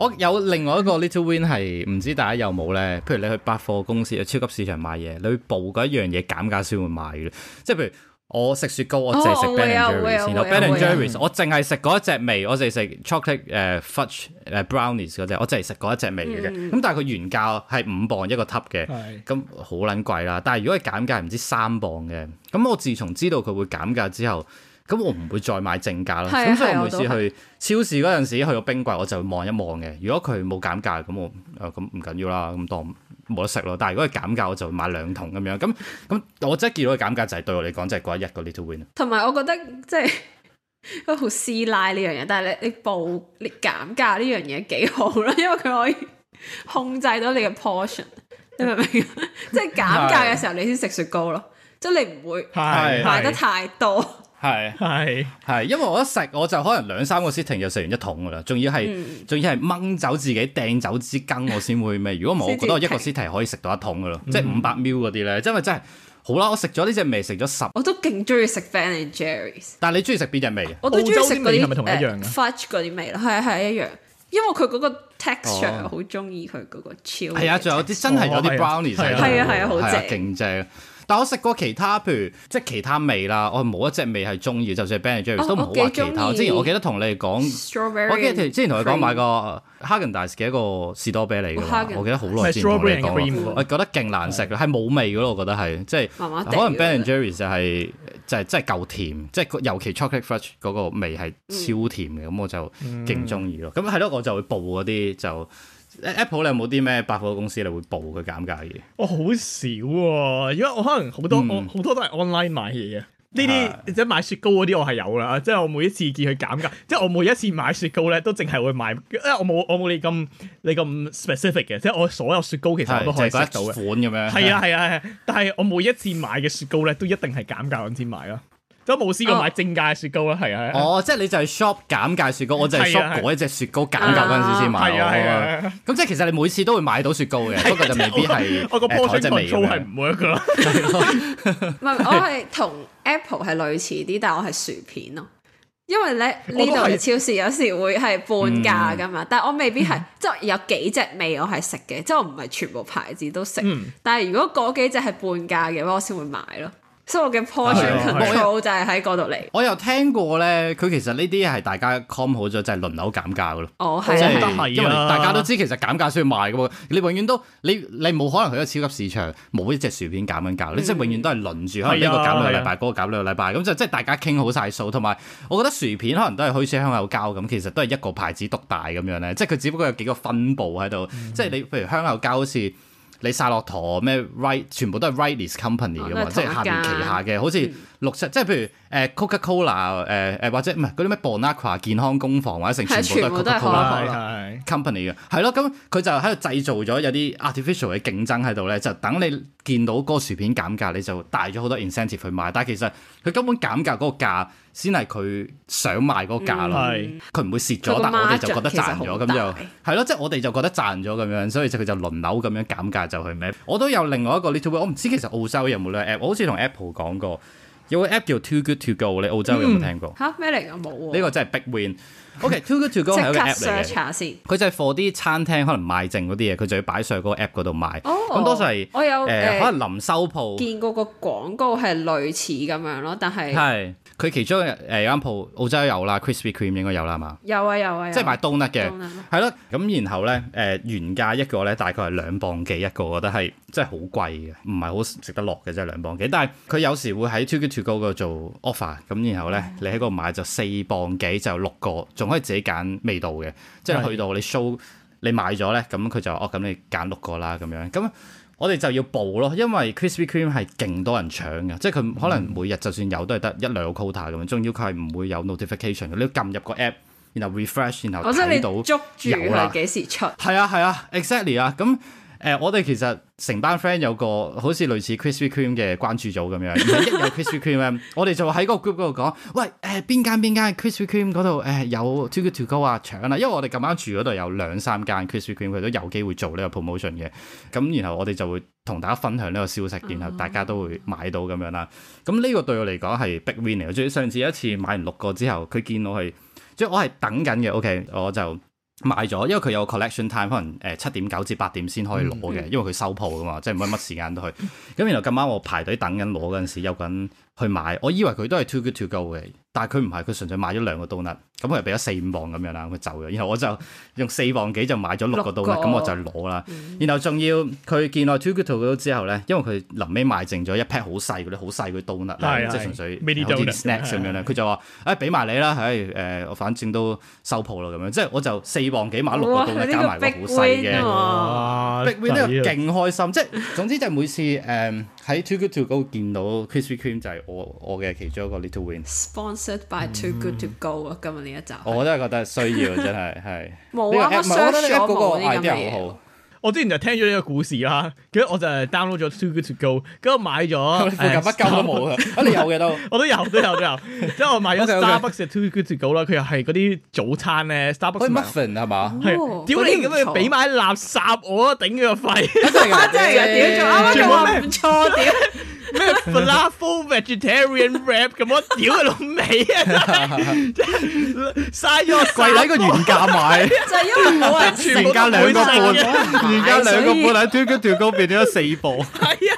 我有另外一個 little win 係唔知大家有冇咧？譬如你去百貨公司、去超級市場買嘢，你會報嗰一樣嘢減價先會買嘅。即係譬如我食雪糕，我淨係食 Ben and Jerry 嘅，然後 Ben and Jerry 我淨係食嗰一隻味，我淨係食 chocolate 誒、uh, fudge 誒、uh, brownies 嗰隻，我淨係食嗰一隻味嘅。咁、嗯、但係佢原價係五磅一個 cup 嘅，咁好撚貴啦。但係如果係減價唔知三磅嘅，咁我自從知道佢會減價之後。咁我唔會再買正價啦。咁是、啊、所以我每次去超市嗰陣時，去到冰櫃我就會望一望嘅。如果佢冇減價，咁我誒咁唔緊要啦。咁當冇得食咯。但係如果佢減價，我就會買兩桶咁樣。咁咁我真係見到佢減價就係、是、對我嚟講就係、是、嗰一日嗰個 little win。同埋我覺得即係好師奶呢樣嘢，但係你你報你減價呢樣嘢幾好啦，因為佢可以控制到你嘅 portion。你明唔明？ 即係減價嘅時候你先食雪糕咯，即係 是你唔會買得太多。係係係，因為我一食我就可能兩三個 sitting 就食完一桶噶啦，仲要係仲要係掹走自己掟走支羹，我先會味。如果唔係我覺得我一個 sitting 可以食到一桶噶咯，即係五百 ml 嗰啲咧，真係真係好啦！我食咗呢隻味，食咗十，我都勁中意食 Ben and Jerry's，但係你中意食邊隻味？澳洲啲味係咪同一樣嘅 fudge 嗰啲味咯，係係一樣，因為佢嗰個 texture 好中意佢嗰個超係啊！仲有啲真係有啲 brownie，係啊係啊，好正，勁正。但我食過其他，譬如即係其他味啦，我冇一隻味係中意，就算 Ben & Jerry 都唔好話其他。之前我記得同你哋講，Strawberry 我記得之前同你講買個 Häagen-Dazs 嘅一個士多啤梨嘅，oh, s. 我記得好耐之前同你講，我覺得勁難食嘅，係冇味嘅咯，我覺得係，即係可能 Ben & Jerry 就係、是。就係真係夠甜，即係尤其 chocolate fudge 嗰個味係超甜嘅，咁、嗯、我就勁中意咯。咁係咯，我就會報嗰啲就、嗯、Apple，你有冇啲咩百貨公司你會報佢減價嘅嘢？哦？我好少喎、啊，因為我可能好多、嗯、我好多都係 online 買嘢嘅。呢啲即係買雪糕嗰啲，我係有啦，即係我每一次見佢減價，即係我每一次買雪糕咧，都淨係會買，因為我冇我冇你咁你咁 specific 嘅，即係我所有雪糕其實我都可以食到嘅。款咁樣係啊係啊係啊，但係我每一次買嘅雪糕咧，都一定係減價嗰陣時買咯，都冇試過買正價嘅雪糕啊，係啊。哦，即係你就係 shop 減價雪糕，我就係 shop 嗰一隻雪糕減價嗰陣時先買啊，咁即係其實你每次都會買到雪糕嘅，不過就未必係。我個波尊個粗係唔會噶。唔係，我係同。Apple 係類似啲，但係我係薯片咯，因為咧呢度嘅超市有時會係半價噶嘛，嗯、但係我未必係、嗯、即係有幾隻味我係食嘅，即係我唔係全部牌子都食，嗯、但係如果嗰幾隻係半價嘅話，我先會買咯。生活嘅鋪數就係喺嗰度嚟。啊啊啊啊、我又聽過咧，佢其實呢啲係大家 com 好咗，就係、是、輪流減價噶咯。哦，係啊，係是、啊、大家都知其實減價需要賣噶喎。你永遠都你你冇可能去一個超級市場冇一隻薯片減緊價。啊、你即係永遠都係輪住，可能一個減兩個禮拜，嗰、那個減兩個禮拜。咁就即係大家傾好晒數，同埋我覺得薯片可能都係好似香口膠咁，其實都係一個牌子獨大咁樣咧。即係佢只不過有幾個分佈喺度。即係你，譬如香口膠好似。你曬駱駝咩？r i g h 全部都係 r i g h t e s s Company 嘅嘛，即係下面旗下嘅，好似六色，嗯、即係譬如誒 Coca-Cola 誒、呃、誒或者唔係嗰啲咩 Bonaqua 健康工房或者成，全部都係 Coca-Cola Company 嘅，係咯，咁佢就喺度製造咗有啲 artificial 嘅競爭喺度咧，就等你見到嗰個薯片減價，你就大咗好多 incentive 去買，但係其實佢根本減價嗰個價。先係佢想賣嗰個價咯，佢唔會蝕咗，但我哋就覺得賺咗咁就係咯，即係我哋就覺得賺咗咁樣，所以佢就輪流咁樣減價就去咩？我都有另外一個 little win 我唔知其實澳洲有冇呢個 app，我好似同 Apple 講過有個 app 叫 Too Good To Go，你澳洲有冇聽過？嚇咩嚟㗎？冇喎。呢個真係 Big Win。O K. Too Good To Go 係一個 app 嚟嘅，佢就係 for 啲餐廳可能賣剩嗰啲嘢，佢就要擺上去個 app 嗰度賣。咁多數係我有誒，可能臨收鋪見過個廣告係類似咁樣咯，但係。佢其中誒有間鋪，澳洲有啦，Krispy Kreme 應該有啦，係嘛、啊？有啊有啊，即係買 donut 嘅，係咯乳。咁然後咧誒、呃、原價一個咧大概係兩磅幾一個，我覺得係真係好貴嘅，唔係好食得落嘅，即係兩磅幾。但係佢有時會喺 Too Good To Go 嗰度做 offer，咁然後咧、嗯、你喺嗰度買就四磅幾就六個，仲可以自己揀味道嘅。即係去到你 show 是你買咗咧，咁佢就哦咁你揀六個啦咁樣咁。我哋就要報咯，因為 Krispy Kreme 係勁多人搶嘅，即係佢可能每日、嗯、就算有都係得一兩個 quota 咁樣，仲要佢係唔會有 notification。你要撳入個 app，然後 refresh，然後睇到有啦。幾時出？係啊係啊，exactly 啊咁。嗯誒，我哋其實成班 friend 有個好似類似 Krispy Kreme 嘅關注組咁樣，一有 Krispy Kreme，我哋就喺個 group 嗰度講，喂，誒邊間邊間 Krispy Kreme 嗰度誒有 two to two go 啊，搶啦！因為我哋咁啱住嗰度有兩三間 Krispy Kreme，佢都有機會做呢個 promotion 嘅。咁然後我哋就會同大家分享呢個消息，然後大家都會買到咁樣啦。咁呢個對我嚟講係 big win 嚟嘅。最上次一次買完六個之後，佢見到係即係我係等緊嘅。OK，我就。買咗，因為佢有個 collection time，可能誒七點九至八點先可以攞嘅，因為佢收鋪㗎嘛，即係唔可以乜時間都去。咁 然後咁啱我排隊等緊攞嗰陣時，有個人去買，我以為佢都係 too good to go 嘅。但係佢唔係，佢純粹買咗兩個刀粒，咁佢俾咗四五磅咁樣啦，佢走咗。然後我就用四磅幾就買咗六個刀粒，咁我就攞啦。然後仲要佢見我 Too Good To Go 咗之後咧，因為佢臨尾賣剩咗一 pack 好細嗰啲，好細嗰刀粒即係純粹啲啲 snack 咁樣咧，佢就話，誒俾埋你啦，誒誒，我反正都收鋪啦咁樣。即係我就四磅幾買六個刀粒加埋個好細嘅，little win 都係勁開心。即係總之就每次誒喺 Too Good To Go 嗰度見到 Krispy Kreme 就係我我嘅其中一個 little win。by too good to go 啊！今日呢一集，我真係覺得需要，真係係。冇啊，我 share 呢啲好好。我之前就聽咗呢個故事啦，咁我就係 download 咗 too good to go，咁我買咗，附近都冇啊！你有嘅都，我都有都有都有。之後我買咗 Starbucks too good to go 啦，佢又係嗰啲早餐咧，Starbucks muffin 係嘛？係。屌你咁俾埋垃圾我，頂佢個肺！啱啱真係，啱啱就咩 f l a f o u r vegetarian wrap 咁我屌佢老味啊！真晒咗櫃底個原價買，就 因為原價兩個半，原價兩個半，喺係 TikTok 跳高變咗四部，係啊，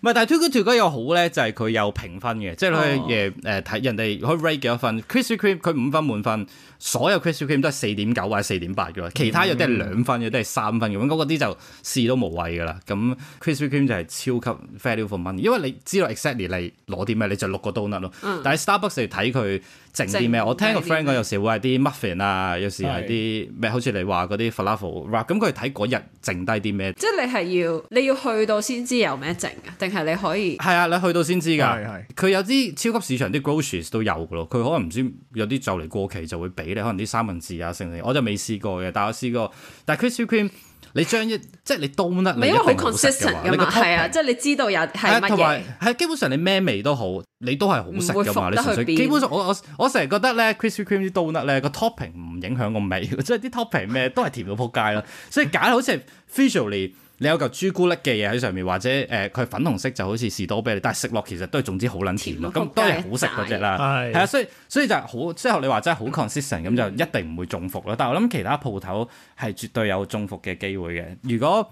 唔係但係 TikTok 跳高有好咧，就係佢有評分嘅，即係佢誒誒睇人哋可以 rate 嘅多分 c h e r r y Cream 佢五分滿分。所有 Krispy Kreme 都係四點九或者四點八嘅，其他有啲係兩分嘅，有啲係三分嘅。咁嗰啲就試都無謂嘅啦。咁 Krispy Kreme 就係超級 value for money，因為你知道 exactly 你攞啲咩，你就六個 donut 咯。嗯、但係 Starbucks 要睇佢。剩啲咩？我聽個 friend 講，有時會係啲 muffin 啊，有時係啲咩？的好似你話嗰啲 falafel 咁，佢睇嗰日剩低啲咩？Wrap，即係你係要你要去到先知有咩剩啊？定係你可以？係啊，你去到先知㗎。佢的有啲超級市場啲 groceries 都有嘅咯。佢可能唔知有啲就嚟過期就會俾你，可能啲三文治啊，剩剩。我就未試過嘅，但我試過。但係 Krispy Kreme。你將即你你一即係你都得，因為好 consistent 噶嘛，係啊，即係你知道有係乜嘢。係、啊、基本上你咩味都好，你都係好食噶嘛。你純粹，基本上我我我成日覺得咧，Krispy Kreme 啲都得咧，個 topping 唔影響個味，即係啲 topping 咩都係甜到仆街囉。所以假好似係 visually。你有嚿朱古力嘅嘢喺上面，或者誒佢、呃、粉紅色就好似士多啤梨，但係食落其實都係總之好撚甜咯，咁當然好食嗰隻啦。係啊對，所以所以就係好之後你話真係好 consistent，咁就一定唔會中伏咯。但係我諗其他鋪頭係絕對有中伏嘅機會嘅。如果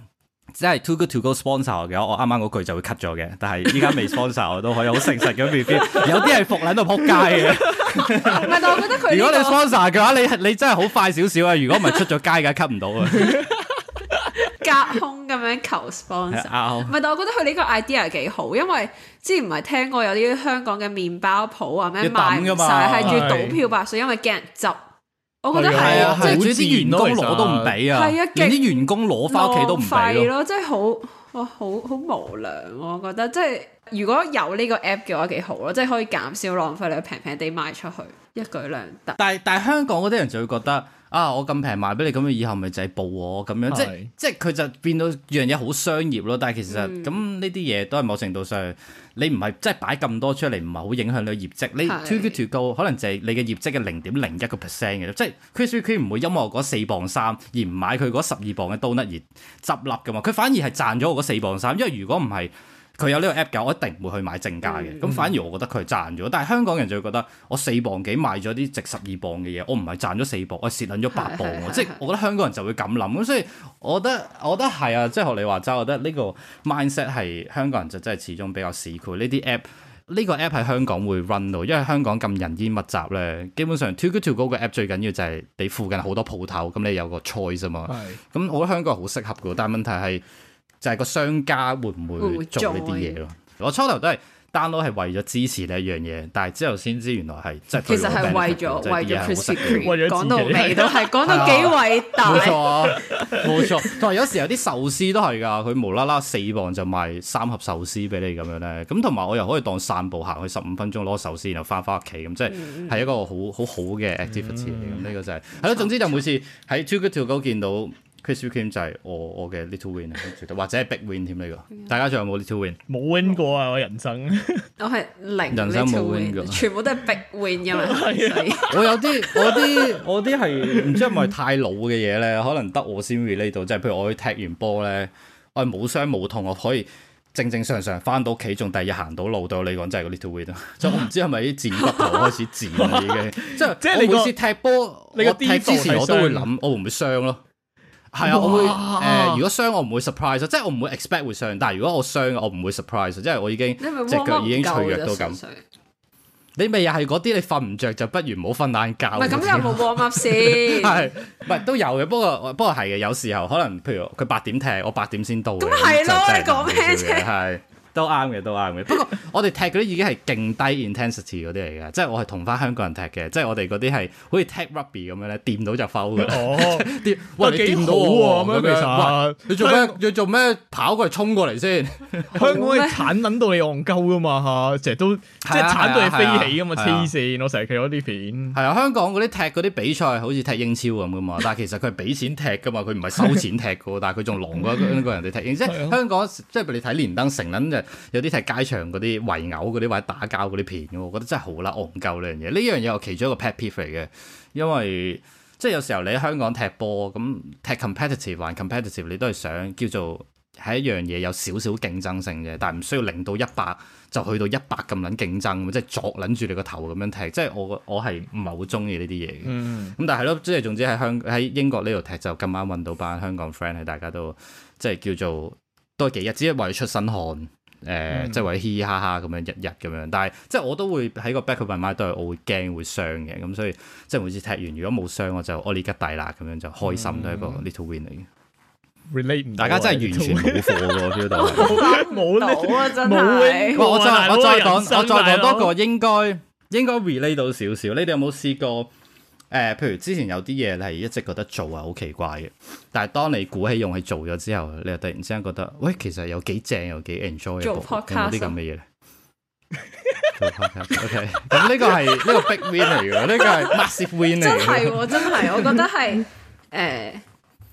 真係 too good to go sponsor 嘅，我啱啱嗰句就會 cut 咗嘅。但係依家未 sponsor，我都可以好 誠實咁。未必有啲係伏喺度仆街嘅。唔係，但我覺得如果你 sponsor 嘅話，你你，你真係好快少少啊！如果唔係出咗街，梗係 cut 唔到啊。 隔空咁樣求 sponsor，唔係，但我覺得佢呢個 idea 幾好，因為之前唔係聽過有啲香港嘅麵包鋪啊，咩賣晒係要倒票吧，所以因為驚人執，我覺得係即係，連啲員工攞都唔俾啊，啊，連啲員工攞翻屋企都唔俾咯，即係好，哇，好好無良，我覺得即係如果有呢個 app 嘅話幾好咯，即係可以減少浪費，你平平地賣出去，一舉兩得。但係但係香港嗰啲人就會覺得。啊！我咁平賣俾你，咁樣以後咪就係報我咁樣，是即係即係佢就變到樣嘢好商業咯。但係其實咁呢啲嘢都係某程度上，你唔係即係擺咁多出嚟，唔係好影響你嘅業績。你 Too Good 是 To Go，可能就係你嘅業績嘅零點零一個 percent 嘅，是即係 Krispy Kreme 唔會因為我嗰四磅三而唔買佢嗰十二磅嘅冬甩而執笠嘅嘛。佢反而係賺咗我嗰四磅三，因為如果唔係。佢有呢個 app 嘅，我一定唔會去買正價嘅。咁、嗯、反而我覺得佢賺咗。嗯、但係香港人就會覺得我四磅幾買咗啲值十二磅嘅嘢，我唔係賺咗四磅，我蝕撚咗八磅喎。是是是是即係我覺得香港人就會咁諗。咁是所以，我覺得我覺得係啊，即係學你話齋，我覺得呢個 mindset 係香港人就真係始終比較市儈。呢啲 app 呢個 app 喺香港會 run 到，因為香港咁人煙密集咧，基本上 Too Good to Go 嗰個 app 最緊要就係你附近好多鋪頭，咁你有個 choice 嘛。咁是是 我覺得香港好適合嘅，但係問題係。就係個商家會唔會做呢啲嘢咯？在我初頭都係 download 係為咗支持呢一樣嘢，但係之後先知原來係即係其實係為咗為咗 p 講到尾都係講 到幾偉大。冇錯，啊、錯，冇錯。同埋有時有啲壽司都係㗎，佢無啦啦四磅就賣三盒壽司俾你咁樣咧。咁同埋我又可以當散步行去十五分鐘攞壽司，然後翻返屋企咁，即係係一個、嗯、好好好嘅 active activity 咁呢個就係係咯。總之就每次喺 Too Good To Go 見到。Chris u 佢輸，咁就係我我嘅 little win，或者係 big win 添、這、呢個。大家仲有冇 little win？冇 win 過啊！我人生我係零人生冇 win 嘅，全部都係 big win。係啊，我有啲 我啲我啲係唔知係咪太老嘅嘢咧？可能得我先 relate 到，即係，就是，譬如我去踢完波咧，我係冇傷冇痛，我可以正正常常翻到屋企，仲第二日行到路，對我嚟講，真係個 little win。即係我唔知係咪腱骨頭開始折啦已經。即係即係你每次踢波，你的踢之前我都會諗，我會唔會傷咯？係啊，我會誒，呃、哇 如果傷我唔會 surprise，即係我唔會 expect 會傷。但係如果我傷我，我唔會 surprise，即係我已經隻腳已經脆弱到咁。你咪又係嗰啲，你瞓唔着就不如冇瞓晏覺。唔係咁又冇卧榻先，係唔係都有嘅？不過不過係嘅，有時候可能譬如佢八點踢，我八點先到。咁咪係咯，你講咩啫？都啱嘅，都啱嘅。不過我哋踢嗰啲已經係勁低 intensity 嗰啲嚟嘅，即係我係同翻香港人踢嘅，即係我哋嗰啲係好似踢 rugby 咁樣咧，掂到就 foul 嘅。哦，掂都幾好啊！咁樣，你做咩？你做咩跑過嚟衝過嚟先？香港嘅鏟撚到你戇鳩啊嘛，成日都即係鏟到你飛起啊嘛，黐線！我成日睇嗰啲片。係啊，香港嗰啲踢嗰啲比賽，好似踢英超咁噶嘛。但係其實佢係俾錢踢噶嘛，佢唔係收錢踢噶。但係佢仲狼過香港人哋踢，即係香港即係你睇連登成撚日。有啲踢街場嗰啲圍毆嗰啲或者打交嗰啲片嘅，我覺得真係好撚戇鳩呢樣嘢。呢樣嘢我其中一個 pet peeve 嚟嘅，因為即係有時候你喺香港踢波咁，踢 competitive 還 competitive，你都係想叫做係一樣嘢有少少競爭性嘅，但係唔需要零到一百就去到一百咁撚競爭，即係作撚住你個頭咁樣踢。即係我我係唔係好鍾意呢啲嘢嘅。咁、嗯、但係係咯，即係總之喺香喺英國呢度踢就咁啱搵到班香港 friend，喺大家都即係叫做多幾日，只係為咗出身汗。誒，即係或者嘻嘻哈哈咁樣，日日咁樣，但係即係我都會喺個 back up mind 度，我會驚會傷嘅，咁所以即係每次踢完，如果冇傷，我就我呢吉底啦，咁樣就開心都係一個 little win 嚟嘅。relate 唔大家真係完全冇火㗎，feel 到冇冇呢，真係。我我再我再講，我再講多個，應該應該 relate 到少少。你哋有冇試過？誒、呃，譬如之前有啲嘢你係一直覺得做係好奇怪嘅，但係當你鼓起勇氣做咗之後，你又突然之間覺得，喂，其實有幾正，有幾 enjoy 做 Pod 有有呢？咁嘅嘢咧。做 podcast，OK，咁呢個係呢個 big win 嚟嘅，呢個係 massive win 嚟嘅。 真係，真係，我覺得係誒、呃，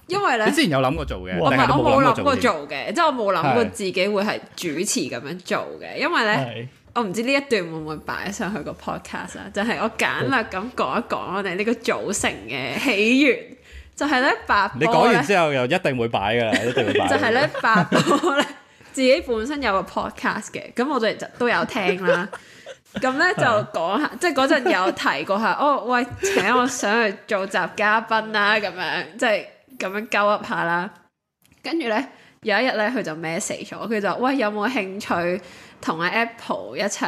因為咧。你之前有諗過做嘅？我唔係，我冇諗過做嘅，做的即係我冇諗過自己會係主持咁樣做嘅，因為咧。我唔知呢一段會唔會擺上去個 podcast 啦。就係我簡略咁講一講我哋呢個組成嘅起源，就係咧白波，你講完之後又一定會擺噶啦，一定會擺。就係咧白波咧， 自己本身有個 podcast 嘅，咁我哋就都有聽啦。咁咧 就講下， 即係嗰陣有提過下，哦喂，請我想去做集嘉賓啦、啊，咁樣即係咁樣鳩噏下啦。跟住咧有一日咧，佢就 message 咗，佢就喂，有冇興趣？同阿 Apple 一齊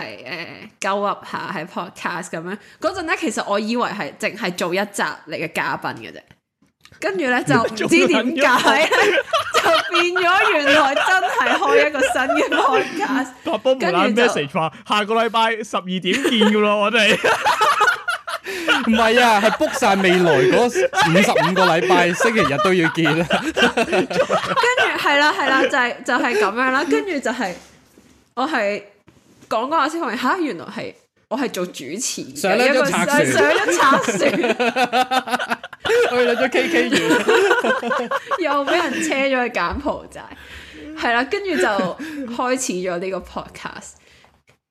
誒勾 up 下喺 Podcast 咁樣嗰陣咧，其實我以為係淨係做一集嚟嘅嘉賓嘅啫，跟住咧就唔知點解就變咗原來真係開一個新嘅 Podcast。下個禮拜十二點見噶咯，我哋唔係啊，係 book 晒未來嗰五十五個禮拜星期日都要見。跟住係啦係啦，就就係咁樣啦，跟住就係。我係講講下先，我發現吓，原來係我係做主持嘅一個插，上咗賊船，對 了，咗 K K 園，又俾人車咗去柬埔寨，係啦， 跟住就開始咗呢個 podcast。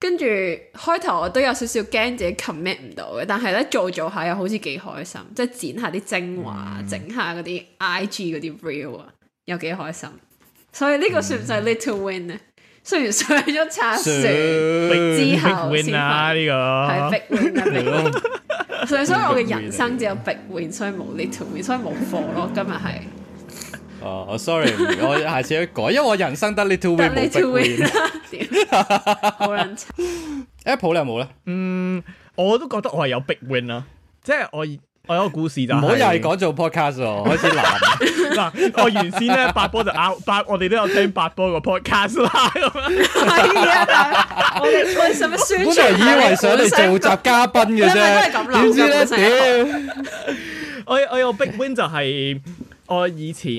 跟住開頭我都有少少驚自己 commit 唔到嘅，但係呢做做下又好似幾開心，即係剪下啲精華，整、嗯、下嗰啲 I G 嗰啲 reel 啊，又幾開心。所以呢個算唔算 little win 呢？嗯雖然上咗叉船之後，係 big win 啊，呢個，係 big win，所以所以我嘅人生只有 big win，所以冇 little win，所以冇貨咯。今日係，哦，我 sorry，我下次改，因為我人生得 little win 冇 big win，屌，好認真。Apple 你有冇咧？嗯，我都覺得我係有 big win 啊，即係我我有個故事就唔好又係講做 podcast 哦，開始難。嗱，我原先咧八波就阿八，我哋都有聽八波嘅 podcast 啦。係啊，我我想宣傳。本嚟以為想嚟做集嘉賓嘅啫，點知咧屌，我我有 big win 就係我以前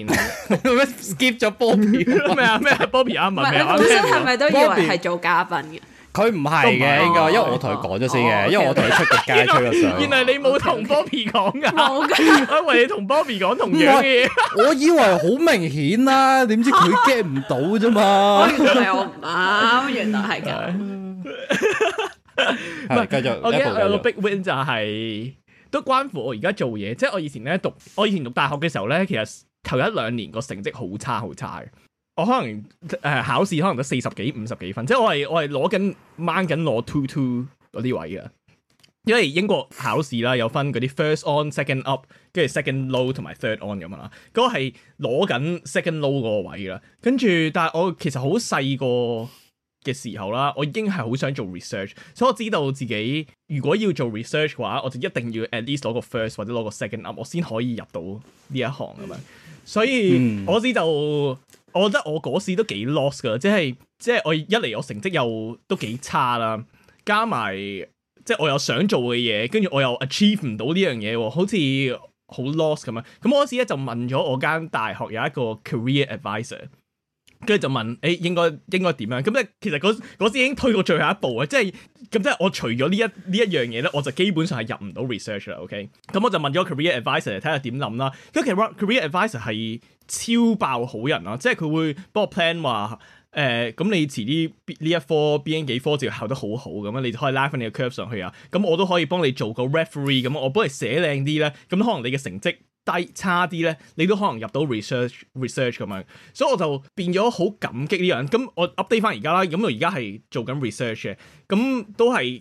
skip 咗 Bobby 咩啊咩啊，Bobby 阿文咩啊？文？你本身係咪都以為係做嘉賓嘅？佢唔係嘅應該，因為我同佢講咗先嘅，因為我同佢出過街、出咗相。原來你冇同 Bobby 講噶，我我以為你同 Bobby 講同樣嘢，我以為好明顯啦，點知佢 get 唔到啫嘛？我以為我唔啱，原來係咁。唔係，繼續。我記得我有個 big win 就係都關乎我而家做嘢，即係我以前咧讀，我以前讀大學嘅時候咧，其實頭一兩年個成績好差好差嘅。我可能誒、呃、考試可能都四十幾五十幾分，即係我係我係攞緊掹緊攞 two two 嗰啲位嘅，因為英國考試啦有分嗰啲 first on second up，跟住 second low 同埋 third on 咁樣啦，嗰個係攞緊 second low 個位啦，跟住但係我其實好細個嘅時候啦，我已經係好想做 research，所以我知道自己如果要做 research 嘅話，我就一定要 at least 攞個 first 或者攞個 second up，我先可以入到呢一行咁樣，所以我知道、嗯。我覺得我嗰時都幾 lost 㗎，即係即係我一嚟我成績又都幾差啦，加埋即係我又想做嘅嘢，跟住我又 achieve 唔到呢樣嘢喎，好似好 lost 咁樣。咁我嗰時咧就問咗我間大學有一個 career advisor。跟住就問，誒、欸、應該應該點樣？咁即其實嗰嗰時已經推過最後一步啊！即係咁即係我除咗呢一呢一樣嘢咧，我就基本上係入唔到 research 啦。OK，咁我就問咗 career advisor 睇下點諗啦。跟住其實 career advisor 係超爆好人啦，即係佢會幫我 plan 話誒咁你遲啲呢一科 B N 幾科就要考得好好咁啊，你就可以拉翻你嘅 curve 上去啊。咁我都可以幫你做個 referee，咁我幫你寫靚啲咧，咁可能你嘅成績。差啲咧，你都可能入到 research，research 咁樣，所以我就變咗好感激呢樣。咁我 update 翻而家啦，咁我而家係做緊 research 嘅，咁都係一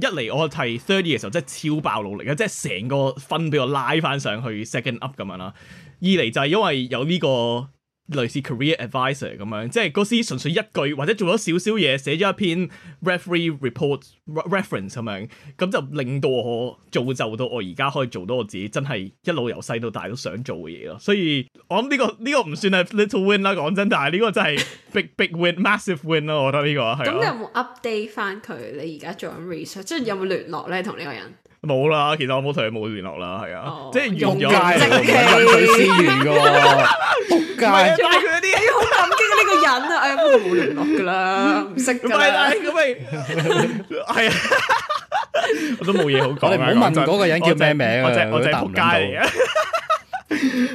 嚟我係 third year 嘅時候，即係超爆努力嘅，即係成個分俾我拉翻上去 second up 咁樣啦。二嚟就係因為有呢個。類似 career advisor 咁樣，即係嗰時純粹一句或者做咗少少嘢，寫咗一篇 referee report reference 咁樣，咁就令到我造就到我而家可以做到我自己真係一路由細到大都想做嘅嘢咯。所以我諗呢、這個呢、這個唔算係 little win 啦，講真，但係呢個真係 big big win massive win 咯，我覺得呢、這個係。咁、 啊、你有冇 update 翻佢？你而家做緊 research，即係有冇聯絡咧？同呢個人？冇啦，其實我冇同你冇聯絡啦，係啊，即係完咗啦，佢斷斷續續嘅仆街，佢嗰啲好感激呢個人啊，哎呀，冇聯絡噶啦，唔識噶，係啊，我都冇嘢好講，你唔好問嗰個人叫咩名啊，我就我就仆街嚟嘅。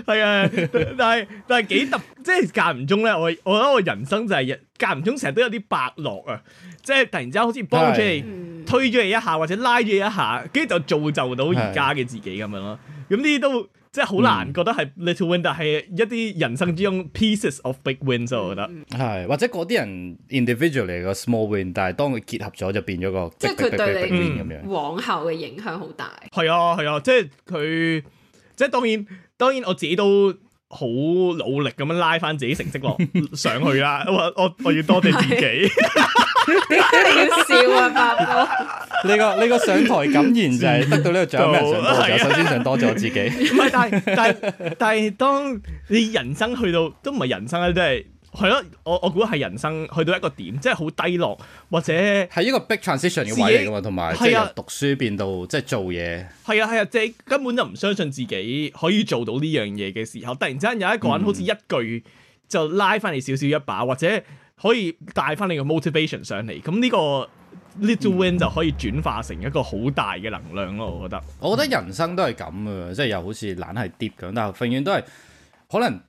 係啊，但係但係幾特，即係間唔中咧，我我覺得我人生就係間唔中成日都有啲伯樂啊，即係突然之間好似 B J。推咗你一下或者拉咗你一下，跟住就造就到而家嘅自己咁樣咯。咁呢啲都即係好難覺得係 little win，d 但係一啲人生之中 pieces of big win，我覺得係或者嗰啲人 individually 個 small win，但係當佢結合咗就變咗個即係佢對你往後嘅影響好大。係啊係啊，即係佢即係當然當然我自己都好努力咁樣拉翻自己成績落上去啦。我我我要多謝自己。 你真係要笑啊， 你個你個上台感言就係得到呢個獎，咩 首先，想多謝我自己。唔係，但係但係，但當你人生去到都唔係人生啦，即係係咯。我我估係人生去到一個點，即係好低落，或者係一個 big transition 嘅位嚟噶嘛，同埋即係由讀書變到即係做嘢。係啊係啊，即係、啊啊就是、根本就唔相信自己可以做到呢樣嘢嘅時候，突然之間有一個人好似一句就拉翻你少少一把，或者。可以帶翻你個 motivation 上嚟，咁呢個 little win 就可以轉化成一個好大嘅能量咯。我覺得，我覺得人生都係咁啊，即係又好似懶係 deep 咁，但係永遠都係可能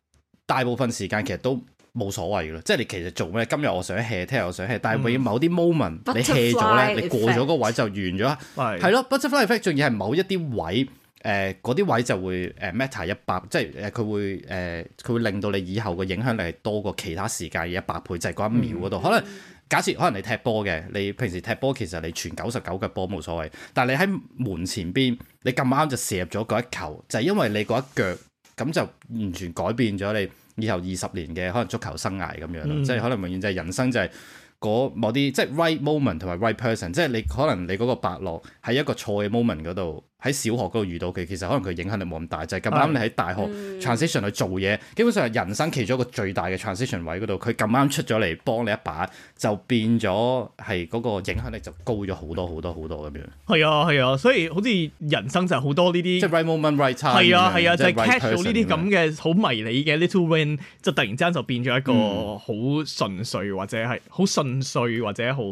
大部分時間其實都冇所謂嘅。即係你其實做咩？今日我想 hea，聽日我想 hea，但係會某啲 moment，嗯、你 hea 咗咧，butterfly effect，你過咗個位就完咗。係咯，butterfly effect 仲要係某一啲位。誒嗰啲位就會誒 matter 一百，呃、100, 即係誒佢會誒佢、呃、會令到你以後嘅影響力多過其他時間嘅一百倍，就係、是、嗰一秒嗰度。嗯、可能假設可能你踢波嘅，你平時踢波其實你全九十九腳波冇所謂，但係你喺門前邊你咁啱就射入咗嗰一球，就係、是、因為你嗰一腳，咁就完全改變咗你以後二十年嘅可能足球生涯咁樣啦。嗯、即係可能永遠就係人生就係嗰某啲即係 right moment 同埋 right person，即係你可能你嗰個伯樂喺一個錯嘅 moment 嗰度。喺小學嗰度遇到佢，其實可能佢影響力冇咁大，就係咁啱你喺大學 transition 去做嘢，嗯、基本上人生其中一個最大嘅 transition 位嗰度，佢咁啱出咗嚟幫你一把，就變咗係嗰個影響力就高咗好多好多好多咁樣。係啊係啊，所以好似人生就係好多呢啲，即係 right moment，right time，係啊係啊，就 catch 到呢啲咁嘅好迷你嘅 little win，就突然之間就變咗一個好順遂，或者係好順遂，或者好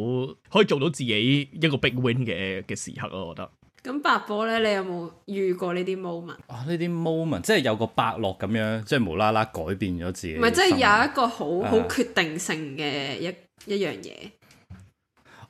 可以做到自己一個 big win 嘅嘅時刻咯，我覺得。咁白波呢？你有冇遇過呢啲 moment？啊，呢啲 moment 即係有個伯樂咁樣，即係無啦啦改變咗自己。唔係，即係有一個好好、啊、決定性嘅一一樣嘢。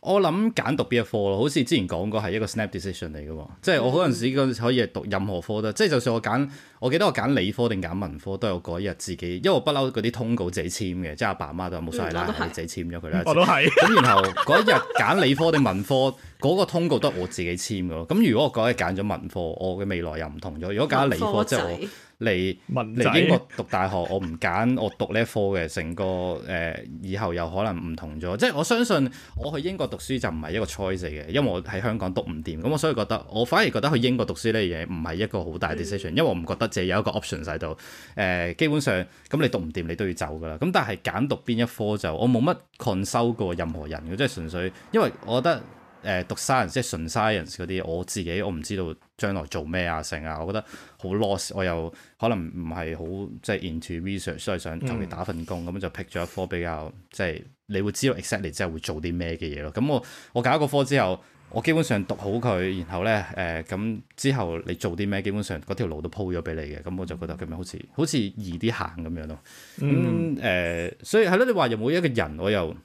我諗揀讀邊一科咯，好似之前講過係一個 snap decision 嚟嘅，即係我嗰陣時可以係讀任何科都，嗯、即係就算我揀，我記得我揀理科定揀文科都有嗰一日自己，因為我不嬲嗰啲通告自己簽嘅，即係阿爸阿媽都話冇晒啦，嗯、自己簽咗佢啦。我都係咁，然後嗰一日揀理科定文科嗰 個通告都係我自己簽嘅咯。咁如果我嗰日揀咗文科，我嘅未來又唔同咗。如果揀理科，科即係我。嚟嚟英國讀大學，我唔揀我讀呢一科嘅，成個誒、呃、以後又可能唔同咗。即係我相信我去英國讀書就唔係一個 choice 嚟嘅，因為我喺香港讀唔掂，咁我所以我覺得我反而覺得去英國讀書呢樣嘢唔係一個好大 decision，嗯、因為我唔覺得自己有一個 option 喺度。誒、呃，基本上咁你讀唔掂你都要走㗎啦。咁但係揀讀邊一科就我冇乜 consult 過任何人嘅，即係純粹因為我覺得。誒讀 science 即係純 science 嗰啲，我自己我唔知道將來做咩啊成啊，我覺得好 lost 我又可能唔係好即係 into research，所以想求其打份工，咁、嗯、就 pick 咗一科比較即係你會知道 exactly 即係會做啲咩嘅嘢咯。咁我我揀一個科之後，我基本上讀好佢，然後咧誒咁之後你做啲咩，基本上嗰條路都鋪咗俾你嘅。咁我就覺得咁樣好似好似易啲行咁樣咯。咁誒、嗯嗯呃，所以係咯，你話有冇一個人我又？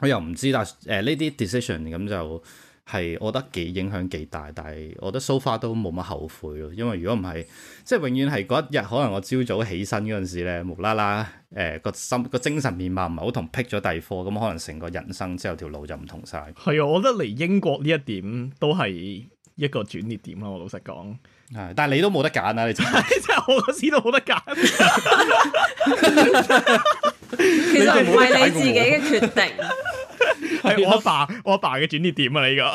我又唔知，但係呢啲 decision 咁就係我覺得幾影響幾大，但係我覺得 so far 都冇乜後悔咯。因為如果唔係，即係永遠係嗰一日，可能我朝早起身嗰陣時咧，無啦啦誒個心個精神面貌唔係好同劈咗第科，咁可能成個人生之後條路就唔同晒。係啊，我覺得嚟英國呢一點都係一個轉捩點，我老實講，係，但係你都冇得揀啊，你真係 真係我嗰時都冇得揀。 其實唔係你自己嘅決定，係我阿 爸，爸，我阿爸嘅轉捩點啊！你個，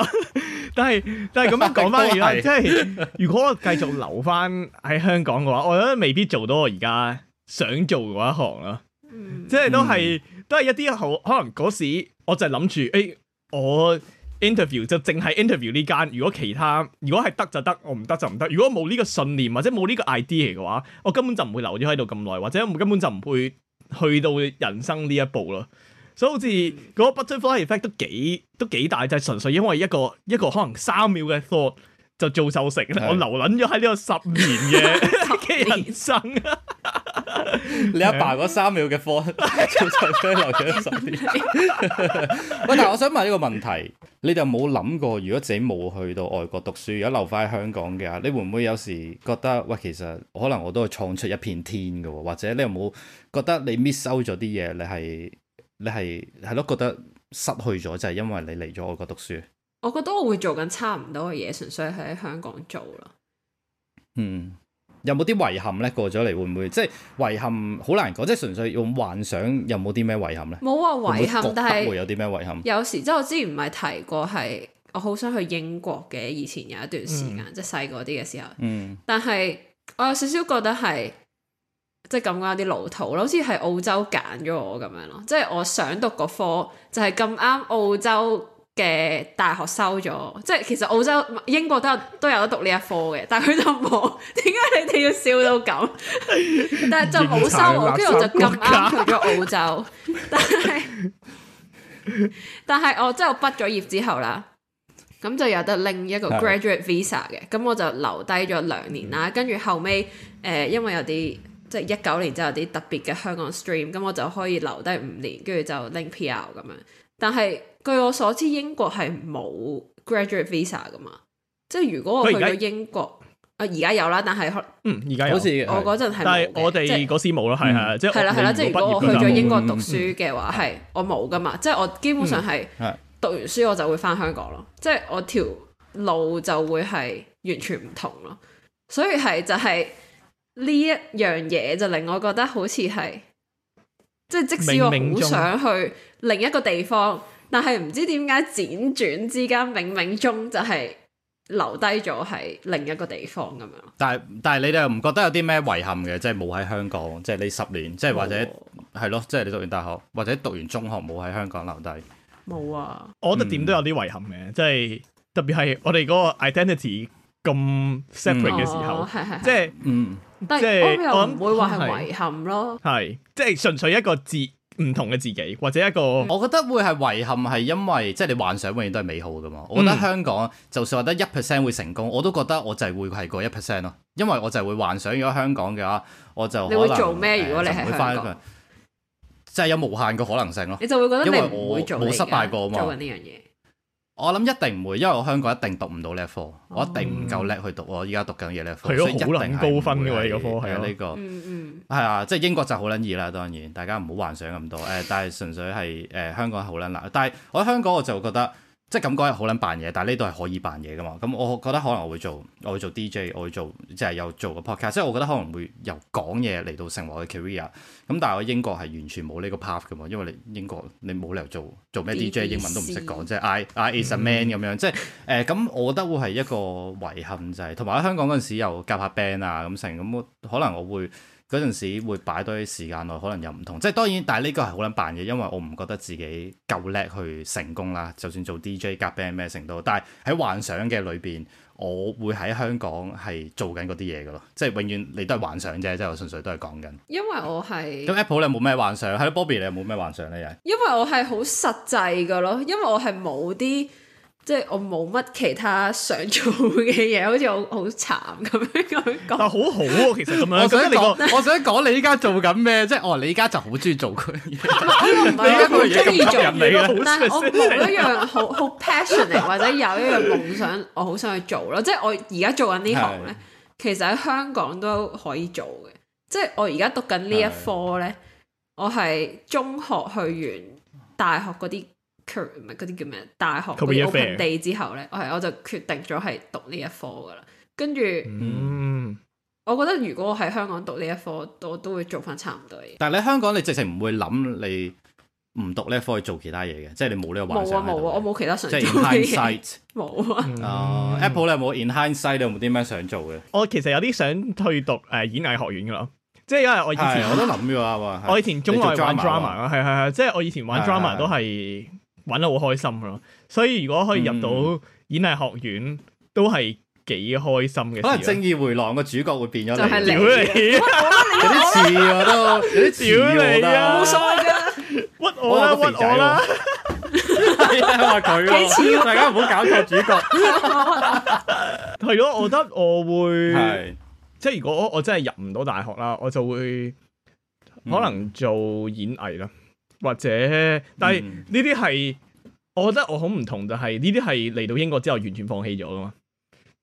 但係但係咁樣講翻嚟，我 也是 即係如果我繼續留翻喺香港嘅話，我覺得未必做到我而家想做嗰一行咯，啊。嗯、即係都係都係一啲好可能嗰時我、欸，我 view, 就係諗住誒，我 interview 就淨係 interview 呢間。如果其他如果係得就得，我唔得就唔得。如果冇呢個信念或者冇呢個 idea 嘅話，我根本就唔會留咗喺度咁耐，或者我根本就唔會。去到人生呢一步咯，所以好似嗰個 butterfly effect 都幾都幾大，就係、是、純粹因為一個一個可能三秒嘅 thought 就做就食，的我留撚咗喺呢個十年嘅 人生。 你阿爸嗰三秒嘅課，就坐低留咗十年。喂， 但我想問呢個問題，你哋有冇諗過，如果自己冇去到外國讀書，而家留翻喺香港嘅，你會唔會有時覺得，喂，其實可能我都係創出一片天嘅，或者你有冇覺得你 miss 咗啲嘢？你係你係係咯，都覺得失去咗，就係因為你嚟咗外國讀書。我覺得我會做緊差唔多嘅嘢，純粹喺香港做啦。嗯。有冇啲遺憾咧？過咗嚟會唔會即係遺憾？好難講，即係純粹用幻想，有冇啲咩遺憾咧？冇話遺憾，但係唔會，會有啲咩遺憾。有時即係我之前唔係提過，係我好想去英國嘅，以前有一段時間，嗯、即係細個啲嘅時候。嗯、但係我有少少覺得係，即係感覺有啲老土咯，好似係澳洲揀咗我咁樣咯，即係我想讀嗰科就係咁啱澳洲嘅大學收咗，即係其實澳洲、英國都有都有得讀呢一科嘅，但係佢就冇。點解你哋要笑到咁？ 但係就冇收我，跟住我就咁啱去咗澳洲。但係但係我即係我畢咗業之後啦，咁就有得拎一個 graduate visa 嘅，咁的我就留低咗兩年啦。跟住、嗯、後尾，誒、呃，因為有啲即係一九年之後有啲特別嘅香港 stream，咁我就可以留低五年，跟住就拎 PR 咁樣。但係據我所知，英國係冇 graduate visa 噶嘛，即係如果我去咗英國，啊而家有啦，但係嗯而家有，我嗰陣係冇，但係我哋嗰時冇咯，係係，即係係啦係啦，即係如果我去咗英國讀書嘅話，係我冇噶嘛，即係我基本上係讀完書我就會翻香港咯，即係我條路就會係完全唔同咯，所以係就係呢一樣嘢就令我覺得好似係，即係即使我好想去另一個地方。但係唔知點解輾轉之間，冥冥中就係留低咗喺另一個地方咁樣。但係但係你哋又唔覺得有啲咩遺憾嘅？即係冇喺香港，即係你十年，即係或者係咯，即係你讀完大學或者讀完中學冇喺香港留低。冇啊！我覺得點都有啲遺憾嘅，即係特別係我哋嗰個 identity 咁 separate 嘅時候，即係嗯，即係我唔會話係遺憾咯。係即係純粹一個字。唔同嘅自己，或者一個，我覺得會係遺憾，係因為即係、就是、你幻想永遠都係美好嘅嘛。嗯、我覺得香港就算話得一 percent 會成功，我都覺得我就係會係嗰一 percent 咯。因為我就係會幻想如果香港嘅話，我就你會做咩？如果你係香港，即係港有無限嘅可能性咯。你就會覺得因唔為會冇失敗過嘛。做緊呢樣嘢。我諗一定唔會，因為我香港一定讀唔到呢一科，哦、我一定唔夠叻去讀。我依家讀緊嘅叻科，所以一定高分嘅喎，呢個科係啊，呢個，嗯係、嗯、啊，即係英國就好撚易啦。當然大家唔好幻想咁多誒、呃，但係純粹係誒、呃、香港好撚難。但係我喺香港我就覺得。即係咁講係好撚扮嘢，但係呢度係可以扮嘢噶嘛？咁我覺得可能我會做，我會做 DJ，我會做，即係、有做 podcast，即係又做個 podcast。即係我覺得可能會由講嘢嚟到成為我嘅 career。咁但係我英國係完全冇呢個 path 嘅嘛，因為你英國你冇理由做做咩 DJ，英文都唔識講，D BC，即係 I I is a man 咁、嗯、樣。即係誒，咁、呃、我覺得會係一個遺憾就係、係，同埋喺香港嗰陣時又夾下 band 啊咁成，咁可能我會。嗰陣時會擺多啲時間內，可能又唔同。即係當然，但係呢個係好撚扮嘢，因為我唔覺得自己夠叻去成功啦。就算做 DJ、夾 band 咩成都，但係喺幻想嘅裏邊，我會喺香港係做緊嗰啲嘢嘅咯。即係永遠你都係幻想啫。即係我純粹都係講緊。因為我係咁 Apple 你冇咩幻想，係咯？Bobby 你又冇咩幻想咧？又因為我係好實際嘅咯，因為我係冇啲。即係我冇乜其他想做嘅嘢，好似好好慘咁樣咁樣講。但係好好喎，其實咁樣。我想講，我想講你依家做緊咩？即係哦，你依家就好中意做佢嘢。唔係呢個唔係中意做嘅嘢，但係我冇一樣好好 passionate 或者有一樣夢想， 我好想去做咯。即係我而家做緊呢行呢，的其實喺香港都可以做嘅。即係我而家讀緊呢一科呢，的我係中學去完大學嗰啲。嗰啲叫咩？大學 o p 地之後咧，我係我就決定咗係讀呢一科噶啦。跟住，我覺得如果我喺香港讀呢一科，我都會做翻差唔多嘢。但係你香港，你直情唔會諗你唔讀呢科去做其他嘢嘅，即係你冇呢個幻想。冇啊，冇啊，我冇其他想。即係 i 冇啊。a p p l e 你有冇 in hindsight 有冇啲咩想做嘅？我其實有啲想退讀誒演藝學院噶咯，即係因為我以前我都諗咗啊。我以前中二玩 drama，係係係，即係我以前玩 drama 都係。玩得好開心咯，所以如果可以入到演藝學院，嗯、都係幾開心嘅。可能正義迴廊個主角會變咗你，你，屌你 有啲似我，都有我，有啲屌你啊，好衰啫，屈我啦，屈我啦，係啊，係佢啊， 大家唔好搞錯主角。係咯，我覺得我會是即係如果我真係入唔到大學啦，我就會可能做演藝啦。嗯或者，但係呢啲係，嗯、我覺得我好唔同就係呢啲係嚟到英國之後完全放棄咗噶嘛。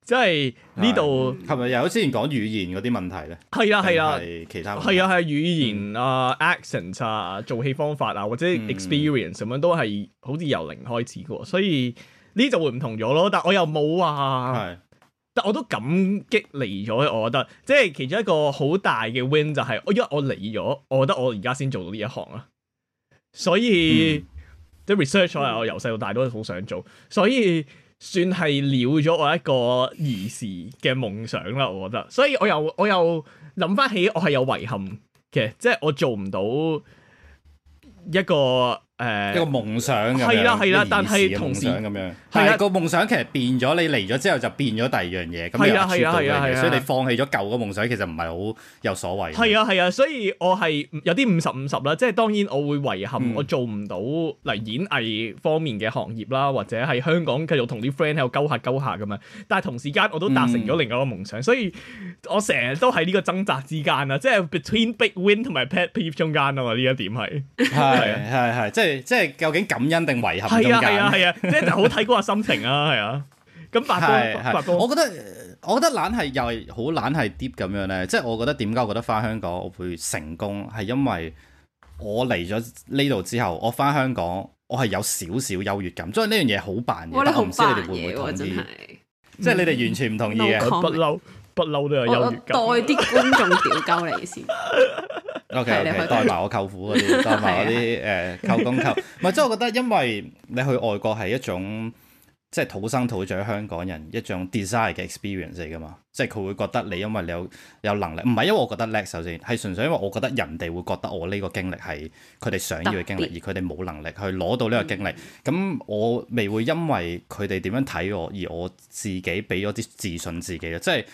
即係呢度係咪有之前講語言嗰啲問題咧？係啊係啊，啊其他係啊係語言啊、嗯、accent 啊，做戲方法啊，或者 experience 咁樣、嗯、都係好似由零開始噶喎，所以呢就會唔同咗咯。但我又冇啊，是但我都感激嚟咗。我覺得即係、就是、其中一個好大嘅 win 就係、是、我因為我嚟咗，我覺得我而家先做到呢一行啊。所以即係、嗯、research 我係我由細到大都好想做，所以算係了咗我一個兒時嘅夢想啦。我覺得，所以我又我又諗翻起我係有遺憾嘅，即係我做唔到一個。誒，一個夢想係啦係啦，但係同時咁樣，係個夢想其實變咗，你嚟咗之後就變咗第二樣嘢。係啊係啊係啊，所以你放棄咗舊個夢想，其實唔係好有所謂。係啊係啊，所以我係有啲五十五十啦，即係當然我會遺憾我做唔到嚟演藝方面嘅行業啦，或者係香港繼續同啲 friend 喺度勾下勾下咁樣。但係同時間我都達成咗另一個夢想，所以我成日都喺呢個掙扎之間啦，即係 between big win 同埋 pet peeve 中間啊嘛。呢一點係係係係即係。即係究竟感恩定遺憾，咁係啊係啊係啊，啊啊啊 即係好睇嗰個心情啊，係啊。咁八哥八我覺得我覺得懶係又係好懶係啲 e e p 咁樣咧。即係我覺得點解、就是，我覺得翻香港我會成功，係因為我嚟咗呢度之後，我翻香港我係有少少優越感，所以呢樣嘢好扮唔知你哋好唔嘢，同意。哦、即係你哋完全唔同意嘅，不嬲。不嬲都有優越感。代啲觀眾屌鳩你先。OK OK，代埋我舅父嗰啲，代埋嗰啲誒舅公舅。唔係， 即係我覺得，因為你去外國係一種即係土生土長香港人一種 desire 嘅 experience 嚟㗎嘛。即係佢會覺得你因為你有有能力，唔係因為我覺得叻首先，係純粹因為我覺得人哋會覺得我呢個經歷係佢哋想要嘅經歷，別而佢哋冇能力去攞到呢個經歷。咁、嗯、我未會因為佢哋點樣睇我，而我自己俾咗啲自信自己嘅，即係。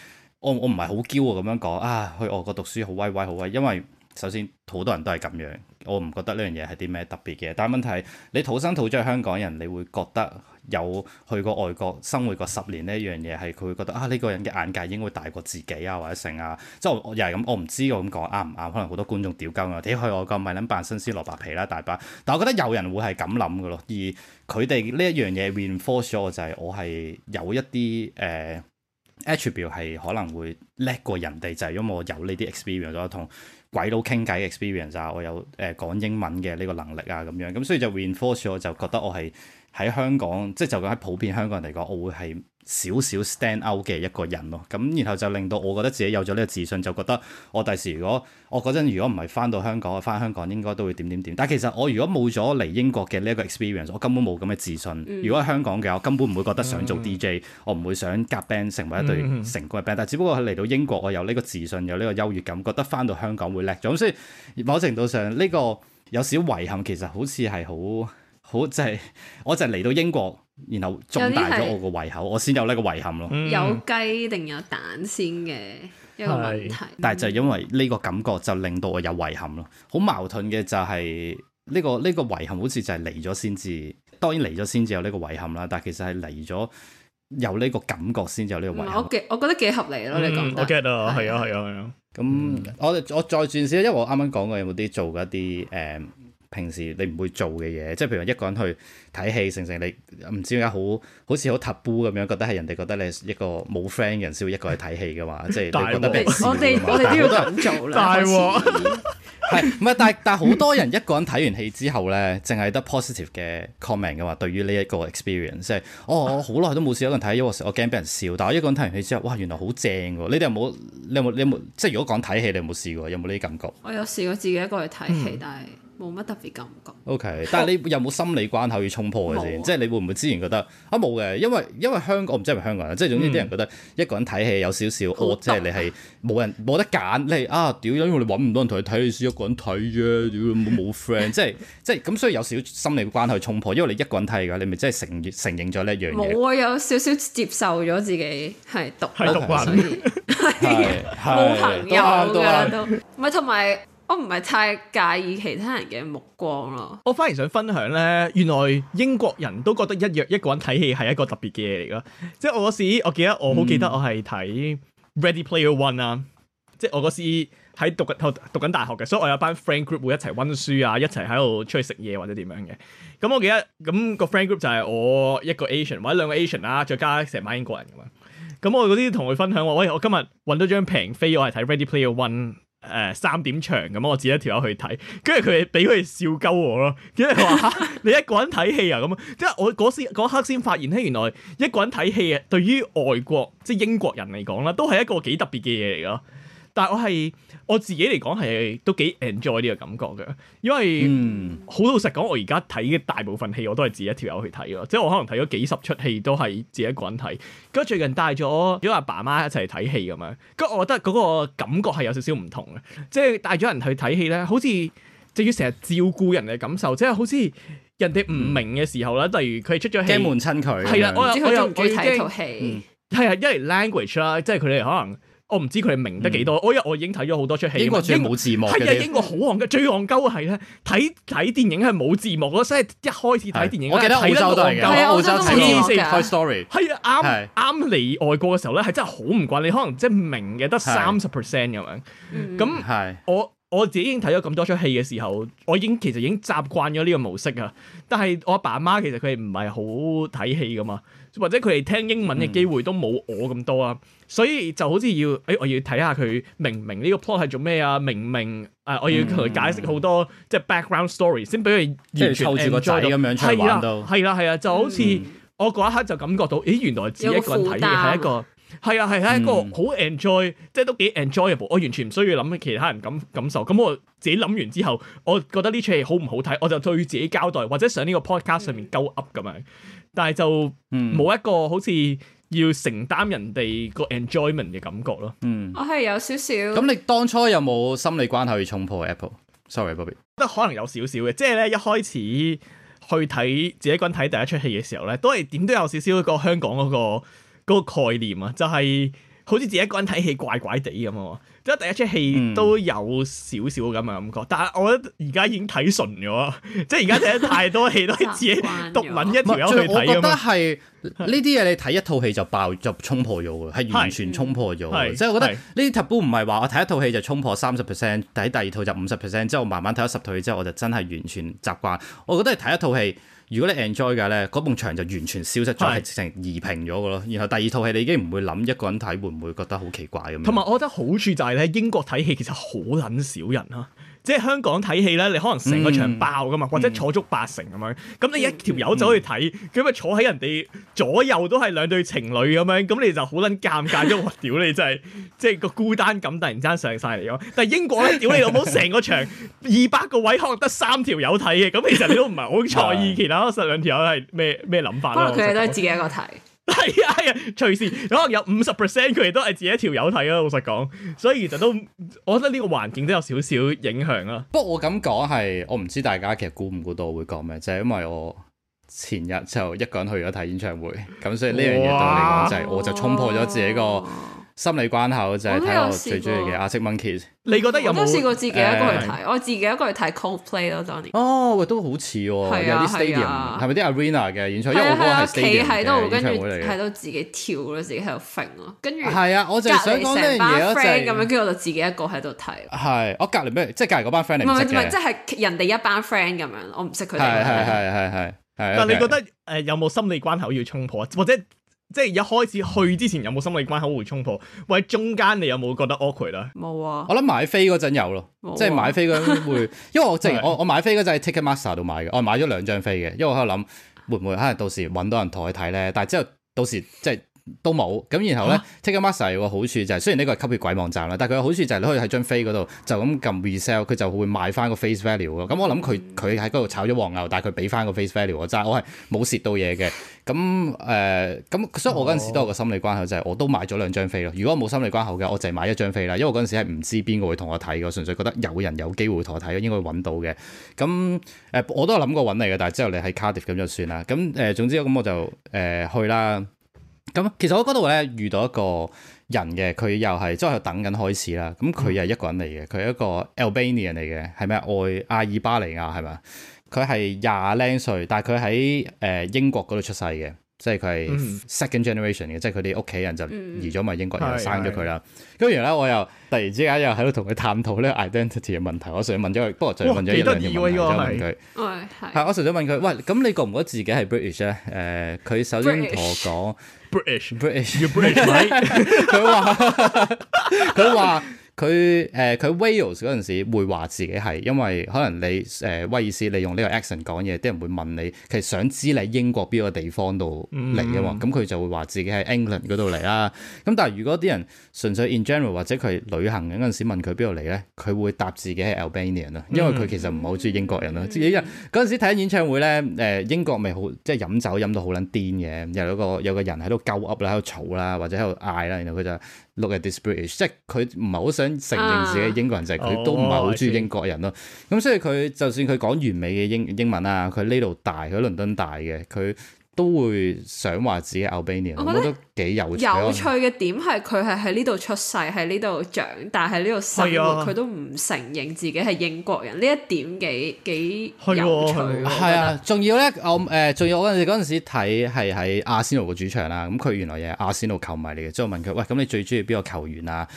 我我唔係好驕啊，咁樣講啊，去外國讀書好威威好威，因為首先好多人都係咁樣，我唔覺得呢樣嘢係啲咩特別嘅。但問題係你土生土長香港人，你會覺得有去過外國生活過十年呢一樣嘢，係佢會覺得啊呢個人嘅眼界應該會大過自己啊或者成啊，即係我又係咁。我唔知我咁講啱唔啱，可能好多觀眾屌鳩、哎、我。屌去外國咪諗扮新鮮蘿蔔皮啦大把，但我覺得有人會係咁諗嘅咯。而佢哋呢一樣嘢 reinforce 咗我就係、是、我係有一啲誒。呃 Attribute 係可能會叻過人哋，就係因為我有呢啲 experience 啦，同鬼佬傾偈 experience 啊，我有誒講英文嘅呢個能力啊，咁樣咁，所以就 reinforce 我就覺得我係喺香港，即係就講喺普遍香港人嚟講，我會係少少 stand out 嘅一個人咯，咁然後就令到我覺得自己有咗呢個自信，就覺得我第時如果我嗰陣如果唔係翻到香港，翻香港應該都會點點點。但其實我如果冇咗嚟英國嘅呢一個 experience，我根本冇咁嘅自信。如果喺香港嘅我根本唔會覺得想做 DJ，我唔會想夾 band 成為一對成功嘅 band。但只不過嚟到英國，我有呢個自信，有呢個優越感，覺得翻到香港會叻咗。所以某程度上呢個有少遺憾，其實好似係好好就係、即係、我就嚟到英國。然後仲大咗我個胃口，些我先有呢個遺憾咯。嗯、有雞定有蛋先嘅一個問題，是但係就係因為呢個感覺就令到我有遺憾咯。好矛盾嘅就係呢、呢個呢、呢個遺憾，好似就係嚟咗先至，當然嚟咗先至有呢個遺憾啦。但係其實係嚟咗有呢個感覺先至有呢個遺憾。嗯、我我覺得幾合理咯，你講、嗯。我 get 啦，係啊係啊係啊。咁我、啊啊啊嗯、我再轉先，因為我啱啱講過有冇啲做一啲誒。嗯平時你唔會做嘅嘢，即係譬如一個人去睇戲，成成你唔知點解好好似好 taboo 咁樣，覺得係人哋覺得你一個冇 friend 人先會，一個去睇戲嘅嘛，即係我覺得畀 我哋們 我哋都要咁做啦。大鑊係唔係？但係但係好多人一個人睇完戲之後咧，淨係得 positive 嘅 comment 嘅嘛。對於呢一個 experience，即、就、係、是哦、我我好耐都冇試，可能睇 y o 我驚俾人笑，但我一個人睇完戲之後，哇，原來好正喎！你哋有冇？你有冇？你有冇？即係如果講睇戲，你有冇、就是、試過？有冇呢啲感覺？我有試過自己一個去睇戲，但係。冇乜特別感覺。OK，但係你有冇心理關口要衝破嘅先？即係你會唔會之前覺得啊，冇嘅？因為因為香港唔知係咪香港人。即係總之啲人覺得一個人睇戲有少少惡，即係你係冇人冇得揀，你啊，屌，因為你揾唔到人同你睇，你只係一個人睇啫。屌，冇 friend，即係即係咁，所以有少少心理關口衝破。因為你一個人睇嘅，你咪真係承承認咗呢一樣嘢。冇啊，有少少接受咗自己係毒，係毒人，係冇朋友都，唔係同埋。我唔係太介意其他人嘅目光咯。我反而想分享咧，原來英國人都覺得一樣，一個人睇戲係一個特別嘅嘢嚟㗎。即係我嗰時，我記得我好記得我係睇 Ready Player One 啊。嗯、即係我嗰時喺讀讀讀緊大學嘅，所以我有班 friend group 會一齊溫書啊，一齊喺度出去食嘢或者點樣嘅。咁我記得咁、個 friend group 就係我一個 Asian 或者兩個 Asian 啦、啊，再加成班英國人咁、啊、樣。咁我嗰啲同佢分享話：，喂，我今日搵到張平飛，我係睇 Ready Player One。誒、呃、三點場咁，我自己一條友去睇，跟住佢哋俾佢哋笑鳩我咯，跟住佢話嚇你一個人睇戲啊咁，即係我嗰時嗰、那個、刻先發現咧，原來一個人睇戲啊，對於外國即係英國人嚟講咧，都係一個幾特別嘅嘢嚟噶。但我係我自己嚟，講係都幾 enjoy 呢個感覺嘅，因為好、嗯、老實講，我而家睇嘅大部分戲我都係自己一條友去睇咯，即係我可能睇咗幾十出戲都係自己一個人睇。跟住最近帶咗如果阿爸媽一齊睇戲咁樣，跟住我覺得嗰個感覺係有少少唔同嘅，即係帶咗人去睇戲咧，好似就要成日照顧人嘅感受，即係好似人哋唔明嘅時候咧，嗯、例如佢出咗戲，悶親佢係啦，我有我唔中意睇呢套戲，係、嗯、啊，因為 language 啦，即係佢哋可能。我唔知佢哋明得幾多，我因為我已經睇咗好多出戲，英國最冇字幕。係啊，英國好戇嘅，最戇鳩嘅係咧，睇睇電影係冇字幕，我真係一開始睇電影，我記得澳洲都係嘅，澳洲黐線嘅。係啊，啱啱嚟外國嘅時候咧，係真係好唔慣，你可能即係明嘅得三十 percent 咁樣。咁我我自己已經睇咗咁多出戲嘅時候，我已經其實已經習慣咗呢個模式啊。但係我阿爸阿媽其實佢哋唔係好睇戲噶嘛。或者佢哋聽英文嘅機會都冇我咁多啊，所以就好似要，哎，我要睇下佢明唔明呢個 plot 係做咩啊？明唔明？誒、啊，我要同佢解釋好多，即係 background story，先俾佢完全 enjoy 仔咁樣出去玩到。係啊，係啊，啊，啊，啊，就好似我嗰一刻就感覺到，咦，原來自己一個人睇嘅係一個，係啊，係啊，一個好 enjoy，即係都幾 enjoyable。我完全唔需要諗其他人感感受，咁我自己諗完之後，我覺得呢出戲好唔好睇，我就對自己交代，或者上呢個 podcast 上面鳩噏咁樣。但係就冇一個好似要承擔人哋個 enjoyment 嘅感覺咯。嗯，我係有少少。咁你當初有冇心理關口去衝破 Apple？Sorry，Bobby，覺得可能有少少嘅，即係咧一開始去睇自，、就是、自己一個人睇第一出戲嘅時候咧，都係點都有少少個香港嗰個概念啊，就係好似自己一個人睇戲怪怪地咁啊。即第一出戲都有少少咁嘅感覺，嗯、但係我覺得而家已經睇順咗， 即係而家睇得太多戲 了都係自己獨撚一條，最我覺得係呢啲嘢你睇一套戲就爆就衝破咗嘅，係完全衝破咗。是是即係我覺得呢啲 taboo 唔係話我睇一套戲就衝破三十 percent，睇第二套就五十 percent，之後慢慢睇咗十套戲之後，我就真係完全習慣。我覺得你睇一套戲，如果你 enjoy 嘅話咧，嗰埲牆就完全消失咗，係是的 直情移平咗㗎咯。然後第二套戲你已經唔會諗一個人睇會唔會覺得好奇怪咁。同埋我覺得好處就係咧，英國睇戲其實好撚少人啦、啊。即係香港睇戲咧，你可能成個場爆噶嘛，或者坐足八成咁樣，咁你一條友走去睇，咁咪、嗯嗯、坐喺人哋左右都係兩對情侶咁樣，咁你就好撚尷尬，因為我屌你真係，即係個孤單感突然間上晒嚟咯。但係英國咧，屌你老母，成個場二百個位，可能得三條友睇嘅，咁其實你都唔係好在意其他十兩條友係咩咩諗法咯。可能佢哋都係自己一個睇。 係啊係啊，隨 時可能有五十 percent 佢哋都係自己條友睇咯。老實講，所以其實都我覺得呢個環境都有少少影響啊。 不過我咁講係，我唔知大家其實估唔估到我會講咩？就係、是、因為我前日就一個人去咗睇演唱會，咁所以呢樣嘢對我嚟講就係我就衝破咗自己個。心理關口就係睇我最中意嘅 Arctic Monkeys，你覺得有冇？我都試過自己一個去睇，我自己一個去睇 Coldplay 咯，當年。哦，都好似喎，有啲 stadium，係咪啲 Arena 嘅演出？因為我係企喺度，跟住 d i 喺度自己跳咯，自己喺度揈咯，跟住。係啊，我就想講，隔離嗰班 friend 咁樣，跟住我就自己一個喺度睇。係，我隔離咩？即係隔離嗰班 friend 嚟。唔係唔係，即係人哋一班 friend 咁樣，我唔識佢哋。係係係係，但你覺得誒有冇心理關口要衝破啊？或者？即係一開始去之前有冇心理關口會衝破？或者中間你有冇覺得 awkward 咧？冇啊！我諗買飛嗰陣有咯，即係、啊、買飛嗰陣會 因，因為我正我我買飛嗰陣喺 Ticketmaster 度買嘅，我買咗兩張飛嘅，因為我喺度諗會唔會可能到時搵到人同佢睇咧，但係之後到時即係。都冇咁，然後咧、啊、Ticketmaster 係個好處就係雖然呢個係吸血鬼網站啦，但係佢個好處就係你可以喺張飛嗰度就咁撳 resell，佢就會賣翻個 face value 咯。咁我諗佢佢喺嗰度炒咗黃牛，但係佢俾翻個 face value 我，即係我係冇蝕到嘢嘅。咁誒咁，所以我嗰陣時都有個心理關口就係、是、我都買咗兩張飛咯。如果冇心理關口嘅，我就係買一張飛啦。因為我嗰陣時係唔知邊個會同我睇嘅，純粹覺得有人有機會同我睇，應該會搵到嘅。咁、嗯、誒，我都係諗過搵你嘅，但係之後你喺 Cardiff 咁就算啦。咁誒，總之咁我就誒、嗯、去啦。咁其實我嗰度咧遇到一個人嘅，佢又係即係等緊開始啦。咁佢又係一個人嚟嘅，佢係一個 Albanian 嚟嘅，係咩？愛阿爾巴尼亞係咪？佢係廿零歲，但係佢喺誒英國嗰度出世嘅。即係佢係 second generation 嘅，即係佢哋屋企人就移咗埋英國，又生咗佢啦。跟住咧，我又突然之間又喺度同佢探討呢個 identity 嘅問題。我純粹問咗佢，不過再問咗一兩條問題，再問佢係我純粹問佢，喂，咁你覺唔覺得自己係 British 咧？誒，佢首先同我講 British，British，你 British 佢話佢話。佢誒佢 Wales 嗰陣時會話自己係，因為可能你誒威爾斯利用呢個 accent 講嘢，啲人會問你其實想知你英國邊個地方度嚟嘅喎，咁佢、嗯、就會話自己喺 England 嗰度嚟啦。咁但係如果啲人純粹 in general 或者佢旅行嗰陣時問佢邊度嚟咧，佢會答自己係 Albanian 啦，因為佢其實唔係好中意英國人啦。即係、嗯、因為嗰時睇緊演唱會咧，誒英國咪好即係飲酒飲到好撚癲嘅，然後有個有個人喺度鳩噏啦，喺度嘈啦，或者喺度嗌啦，然後佢就。Look at this British, 即係佢唔係好想承認自己係英國人，就係佢都唔係好中意英國人咯。咁、oh, I see, 所以佢就算佢講完美嘅英英文啊，佢呢度大，佢喺倫敦大嘅佢，都會想話自己 Albanian 我覺得幾有趣。有趣嘅點係佢係喺呢度出世，喺呢度長，但係呢度生活，佢、啊、都唔承認自己係英國人。呢一點幾幾有趣。係啊，仲要咧，我誒，仲、呃、要我嗰陣時睇係喺阿仙奴嘅主場啦。咁佢原來也係阿仙奴球迷嚟嘅。之後問佢，喂，咁你最中意邊個球員啊？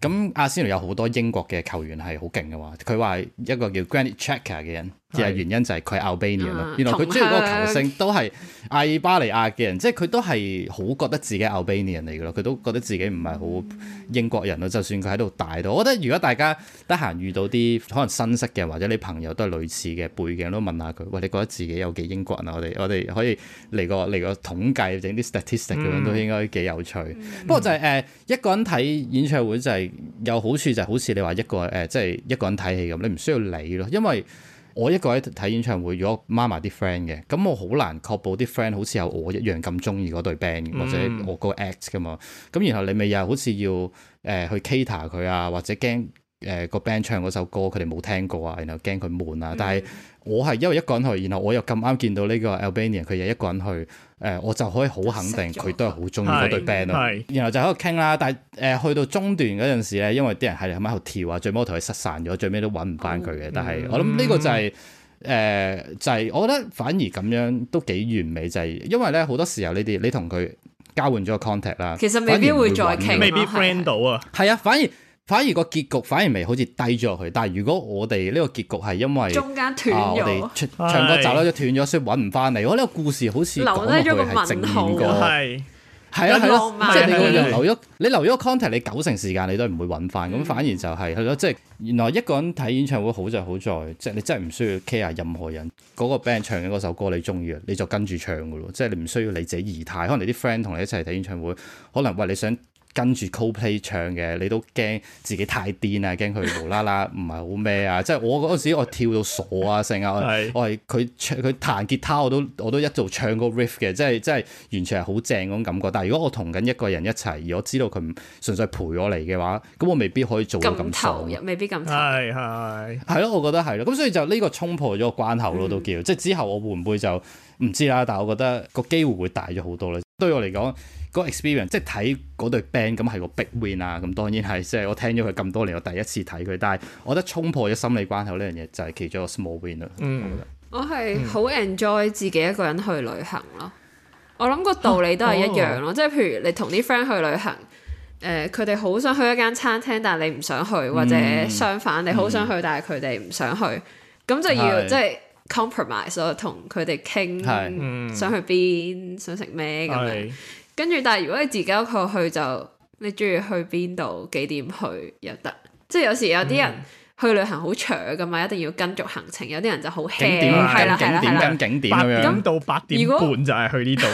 咁阿仙奴有好多英國嘅球員係好勁嘅話，佢話一個叫 Granit Xhaka 嘅人。其實原因就係佢係 Albanian 咯，原來佢中意嗰個球星都係阿爾巴尼亞嘅人，學即係佢都係好覺得自己係 Albanian 嚟嘅咯，佢都覺得自己唔係好英國人咯。嗯、就算佢喺度大都，我覺得如果大家得閒遇到啲可能新識嘅或者你朋友都係類似嘅背景都問下佢，喂，你覺得自己有幾英國人啊？我哋我哋可以嚟個嚟個統計整啲 statistic 咁樣都應該幾有趣。嗯、不過就係、是、誒、uh, 一個人睇演唱會就係、是、有好處，就係好似你話一個誒即係一個人睇戲咁，你唔需要理咯，因為。我一個喺睇演唱會，如果孖埋啲 friend 嘅，咁我好難確保啲 friend 好似有我一樣咁鍾意嗰對 band 或者我個 act 㗎嘛，咁、嗯、然後你咪又好似要誒、呃、去 cater 佢啊，或者驚誒個 band 唱嗰首歌佢哋冇聽過啊，然後驚佢悶啊，但係。嗯我係因為一個人去，然後我又咁啱見到呢個 Albanian，佢又一個人去，誒、呃，我就可以好肯定佢都係好中意嗰對 band 咯。然後就喺度傾啦，但係誒、呃、去到中段嗰陣時咧，因為啲人係喺度跳啊，最尾我同佢失散咗，最尾都揾唔翻佢嘅。哦、但係我諗呢個就係、是、誒、嗯呃、就係、是、我覺得反而咁樣都幾完美，就係、是、因為咧好多時候你哋你同佢交換咗個 contact 啦，其實未必會再傾，未必 friend 到啊。係啊、哦的，反而。反而，結反而個結局反而未好似低咗落去，但係如果我哋呢個結局係因為中間斷咗，啊、是唱歌走咧就斷咗，所以搵唔翻嚟。我、哦、呢、這個故事好似留低咗個問號，係係啊係咯，即係你留咗，你留咗個 content，你九成時間你都唔會搵翻，咁、嗯、反而就係係咯，即係原來一個人睇演唱會好就好在，即係你真係唔需要 care 任何人，嗰、那個 band 唱嘅嗰首歌你中意，你就跟住唱噶咯，即係你唔需要你自己儀態，可能你啲 friend 同你一齊睇演唱會，可能喂你想。哎呃你想跟住 Coldplay 唱嘅，你都驚自己太癲啊！驚佢無啦啦唔係好咩啊！ 即係我嗰陣時，我跳到傻啊，成日我係佢唱佢彈吉他，我都我都一做唱個 riff 嘅，即係即係完全係好正嗰種感覺。但係如果我同緊一個人一齊，而我知道佢唔純粹陪我嚟嘅話，咁我未必可以做到咁投入，未必咁係係係咯。我覺得係咯。咁所以就呢個衝破咗個關口咯，都叫、嗯、即係之後我會唔會就唔知啦。但係我覺得個機會會大咗好多啦。對我嚟講。個 experience 即係睇嗰對 band 咁係個 big win 啊！咁當然係，即、就、係、是、我聽咗佢咁多年，我第一次睇佢。但係我覺得衝破咗心理關口呢樣嘢就係、是、其中一個 small win 啦。嗯，我係好 enjoy 自己一個人去旅行咯。我諗個道理都係一樣咯。即係、啊哦、譬如你同啲 friend 去旅行，誒、呃，佢哋好想去一間餐廳，但係你唔想去，或者相反，你好想去，嗯、但係佢哋唔想去，咁就要即係 compromise 咯，同佢哋傾，想去邊，想食咩咁跟住，但係如果你自己一個去就，你中意去邊度幾點去又得。即係有時有啲人去旅行好長㗎嘛，一定要跟足行程。有啲人就好 hea，係啦係啦係啦，八點、啊、景點到八點半如果就係去呢度。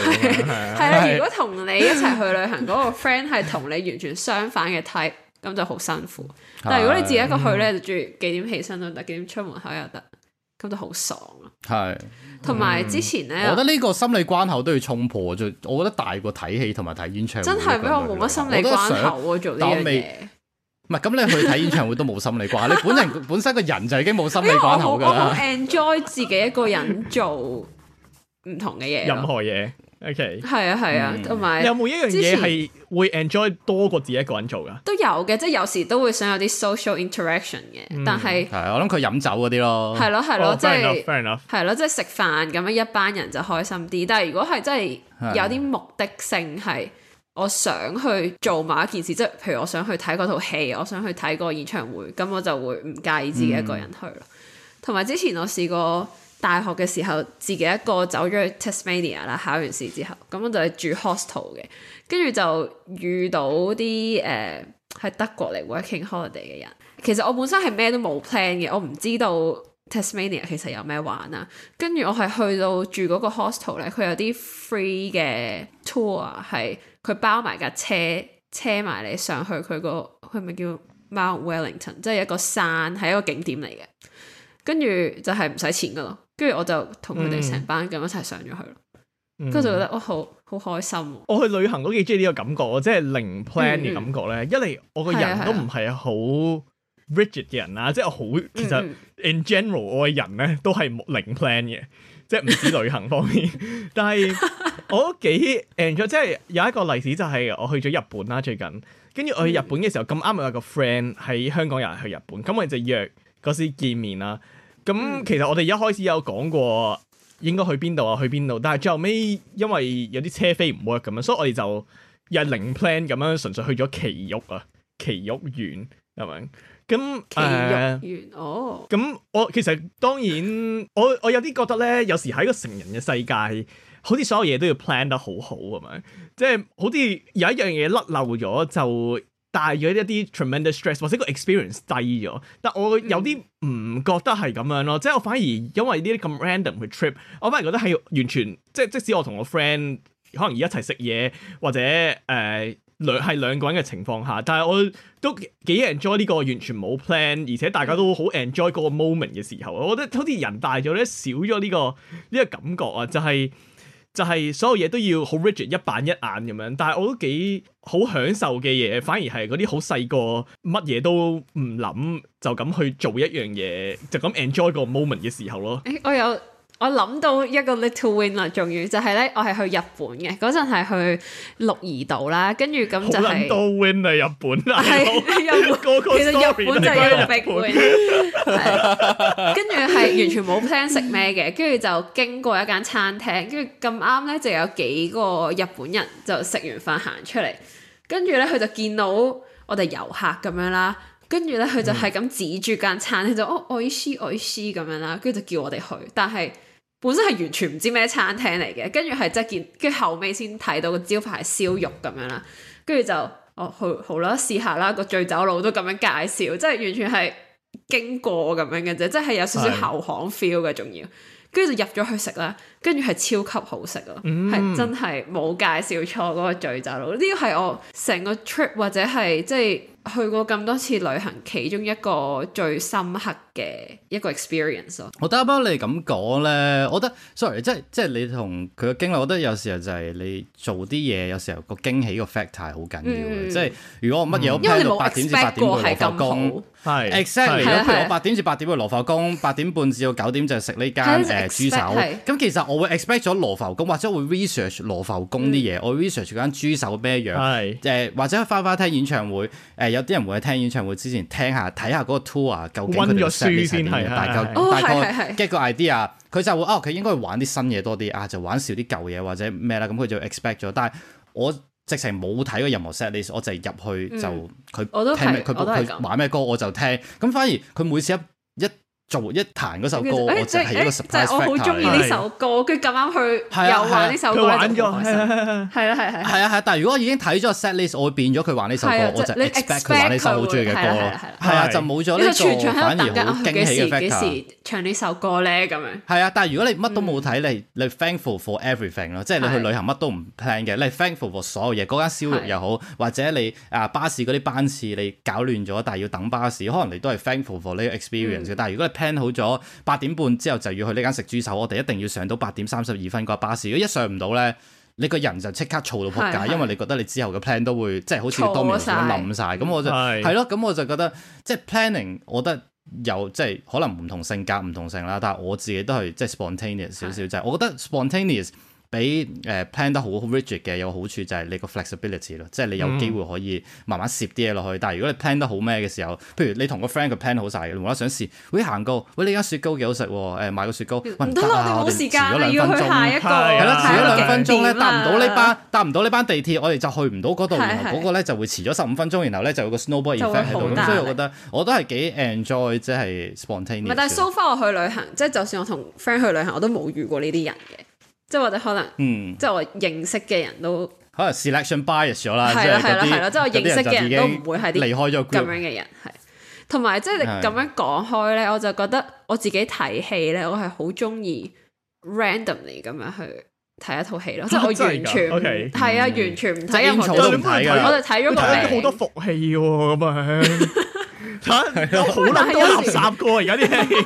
係啊， 如果同你一齊去旅行嗰、嗰個 friend 係同你完全相反嘅 type，咁就好辛苦。但係如果你自己一個去呢，的嗯、就中意幾點起身都得，幾點出門口又得。覺得好爽啊！係是，同埋之前咧、嗯，我覺得呢個心理關口都要衝破。就，我覺得大過睇戲同埋睇演唱會，真係比較冇乜心理關口喎。做啲嘢，唔係咁你去睇演唱會都冇心理關口。你本嚟本身個人就已經冇心理關口㗎啦。enjoy 自己一個人做唔同嘅嘢，任何嘢。OK，係啊係啊，同埋有冇一樣嘢係會 enjoy 多過自己一個人做噶？都有嘅，即係有時都會想有啲 social interaction 嘅。但係係我諗佢飲酒嗰啲咯，係咯係咯，即係係咯，即係食飯咁樣一班人就開心啲。但係如果係真係有啲目的性，係我想去做某一件事，即係譬如我想去睇嗰套戲，我想去睇個演唱會，咁我就會唔介意自己一個人去咯。同埋之前我試過。大學嘅時候，自己一個走咗去 Tasmania 啦，考完試之後，咁我就係住 hostel 嘅，跟住就遇到啲誒喺德國嚟 working holiday 嘅人。其實我本身係咩都冇 plan 嘅，我唔知道 Tasmania 其實有咩玩啊。跟住我係去到住嗰個 hostel 咧，佢有啲 free 嘅 tour，係佢包埋架車，車埋你上去佢個，佢咪叫 Mount Wellington，即係一個山，係一個景點嚟嘅。跟住就係唔使錢噶咯。跟住我就同佢哋成班咁一齊上咗去咯，跟住就覺得我好好開心。我去旅行都幾中意呢個感覺，我即係零 plan 嘅感覺咧。嗯、一嚟我個人都唔係好 rigid 嘅人啦，的即係好其實 in general 我個人咧都係零 plan 嘅，嗯、即係唔止旅行方面。 但係我都幾 enjoy，即係有一個例子就係我去咗日本啦。最近跟住我去日本嘅時候咁啱，嗯、我有個 friend 喺香港又係去日本，咁我哋就約嗰時見面啦。咁、嗯、其實我哋一開始有講過應該去邊度啊，去邊度，但係最後尾因為有啲車飛唔 work 咁樣，所以我哋就又係零 plan 咁樣純粹去咗奇玉啊，奇玉園係咪？咁奇玉園、呃、哦。咁我其實當然，我我有啲覺得咧，有時喺個成人嘅世界，好似所有嘢都要 plan 得好、 就係、好係咪？即係好似有一樣嘢甩漏咗就。大咗一啲 tremendous stress，或者個 experience 低咗，但我有啲唔覺得係咁樣咯，嗯、即係我反而因為呢啲咁 random 去 trip，我反而覺得係完全即係即使我同我 friend 可能而家一齊食嘢或者誒兩係兩個人嘅情況下，但係我都幾 enjoy 呢個完全冇 plan，而且大家都好 enjoy 嗰個 moment 嘅時候，我覺得好似人大咗咧少咗呢個呢個感覺啊，就係、是。就係所有嘢都要好 rigid 一板一眼咁樣，但係我都幾好享受嘅嘢，反而係嗰啲好細個，乜嘢都唔諗就咁去做一樣嘢，就咁 enjoy 個 moment 嘅時候咯。誒、欸，我有。我諗到一個 little win 啦，仲要就係咧，我係去日本嘅嗰陣，係去鹿兒島啦，跟住咁就係 little win 啊，日本啦，係日本，其實 I know. 日本就係一個 big win。跟住係完全冇 plan 食咩嘅，跟住就經過一間餐廳，跟住咁啱咧就有幾個日本人就食完飯行出嚟，跟住咧佢就見到我哋遊客咁樣啦，跟住咧佢就係咁指住間餐廳就、嗯、哦愛師愛師咁樣啦，跟住就叫我哋去，但係，本身係完全唔知咩餐廳嚟嘅，跟住係即係見，跟住後尾先睇到個招牌燒肉咁樣啦，跟住就哦好好啦，試下啦，個醉酒佬都咁樣介紹，即係完全係經過咁樣嘅啫，即係有少少後巷是的 後巷 feel 嘅，仲要跟住就入咗去食啦。跟住係超級好食咯，係、嗯、真係冇介紹錯嗰個醉酒佬，呢個係我成個 trip 或者係即係去過咁多次旅行其中一個最深刻嘅一個 experience 咯。我得不你咁講咧，我覺得 sorry，即係即係你同佢嘅經歷，我覺得有時候就係你做啲嘢有時候個驚喜個 factor 係好緊要嘅，嗯、即係如果我乜嘢都 plan 到八點至八點去羅浮宮，係 exactly，譬如我八點至八點去羅浮宮，八點半至到九點就食呢間誒豬 手，咁其實我。我會 expect 咗羅浮宮，或者會 research 羅浮宮啲嘢。我 research 間豬手咩樣？誒，或者花花聽演唱會。誒，有啲人會喺聽演唱會之前聽下、睇下嗰個 tour 究竟佢嘅 setlist 係點樣？大概大概 get 個 idea。佢就會哦，佢應該玩啲新嘢多啲啊，就玩少啲舊嘢或者咩啦。咁佢就 expect 咗。但係我直情冇睇過任何 setlist 我就入去就佢聽咩佢，佢玩咩歌，我就聽。咁反而佢每次一一。做一彈嗰首歌，我淨係一個 surprise factor 我好中意呢首歌，跟住咁啱去又玩呢首歌都唔開心係啦係啊係啊！但係如果已經睇咗 setlist，我會變咗佢玩呢首歌，我就 expect 佢玩呢首好中意嘅歌。係啊，就冇咗呢個反而好驚喜嘅 factor。幾時唱呢首歌咧？咁樣係啊！但係如果你乜都冇睇，你你 thankful for everything 咯，即係你去旅行乜都唔 plan 嘅，你 thankful for 所有嘢。嗰間燒肉又好，或者你啊巴士嗰啲班次你搞亂咗，但係要等巴士，可能你都係 thankful for 呢個 experience 但係如果 plan 好咗八點半之後就要去呢間食豬手，我哋一定要上到八點三十二分個巴士。如果一上唔到咧，你個人就即刻嘈到撲街，是是因為你覺得你之後嘅 plan 都會即係好似當面咁冧曬。咁是是 我就係咯，咁是是 我就覺得即係 planning，我覺得有即係可能唔同性格、唔同性啦。但係我自己都係即係 spontaneous 少少是，就是係我覺得 spontaneous。俾誒 plan 得好 rigid 嘅有好處就係你個 flexibility 咯，即係你有機會可以慢慢攝啲嘢落去。但係如果你 plan 得好咩嘅時候，譬如你同個 friend 佢 plan 好晒嘅，無啦想試，喂行過，喂你依家雪糕幾好食，誒買個雪糕。唔得啦，我哋冇時間，你要去下一個。係啦，遲咗兩分鐘咧，搭唔到呢班，搭唔到呢班地鐵，我哋就去唔到嗰度。然後嗰個咧就會遲咗十五分鐘，然後咧就有個 snowboard effect 喺度。咁所以我覺得我都係幾 enjoy 即係 spontaneous。唔係，但係 so far 我去旅行，即係就算我同 friend 去旅行，我都冇遇過呢啲人嘅。即係我哋可能，即係我認識嘅人都可能 selection bias 咗啦，即係啲，即係我認識嘅人都唔會係啲離開咗 group 咁樣嘅人，係。同埋即係你咁樣講開咧，我就覺得我自己睇戲咧，我係好中意 randomly 咁樣去睇一套戲咯，即係我完全係啊，完全唔睇任何，我就睇咗個好多伏戲喎，咁啊，好難多垃圾嘅而家啲戲。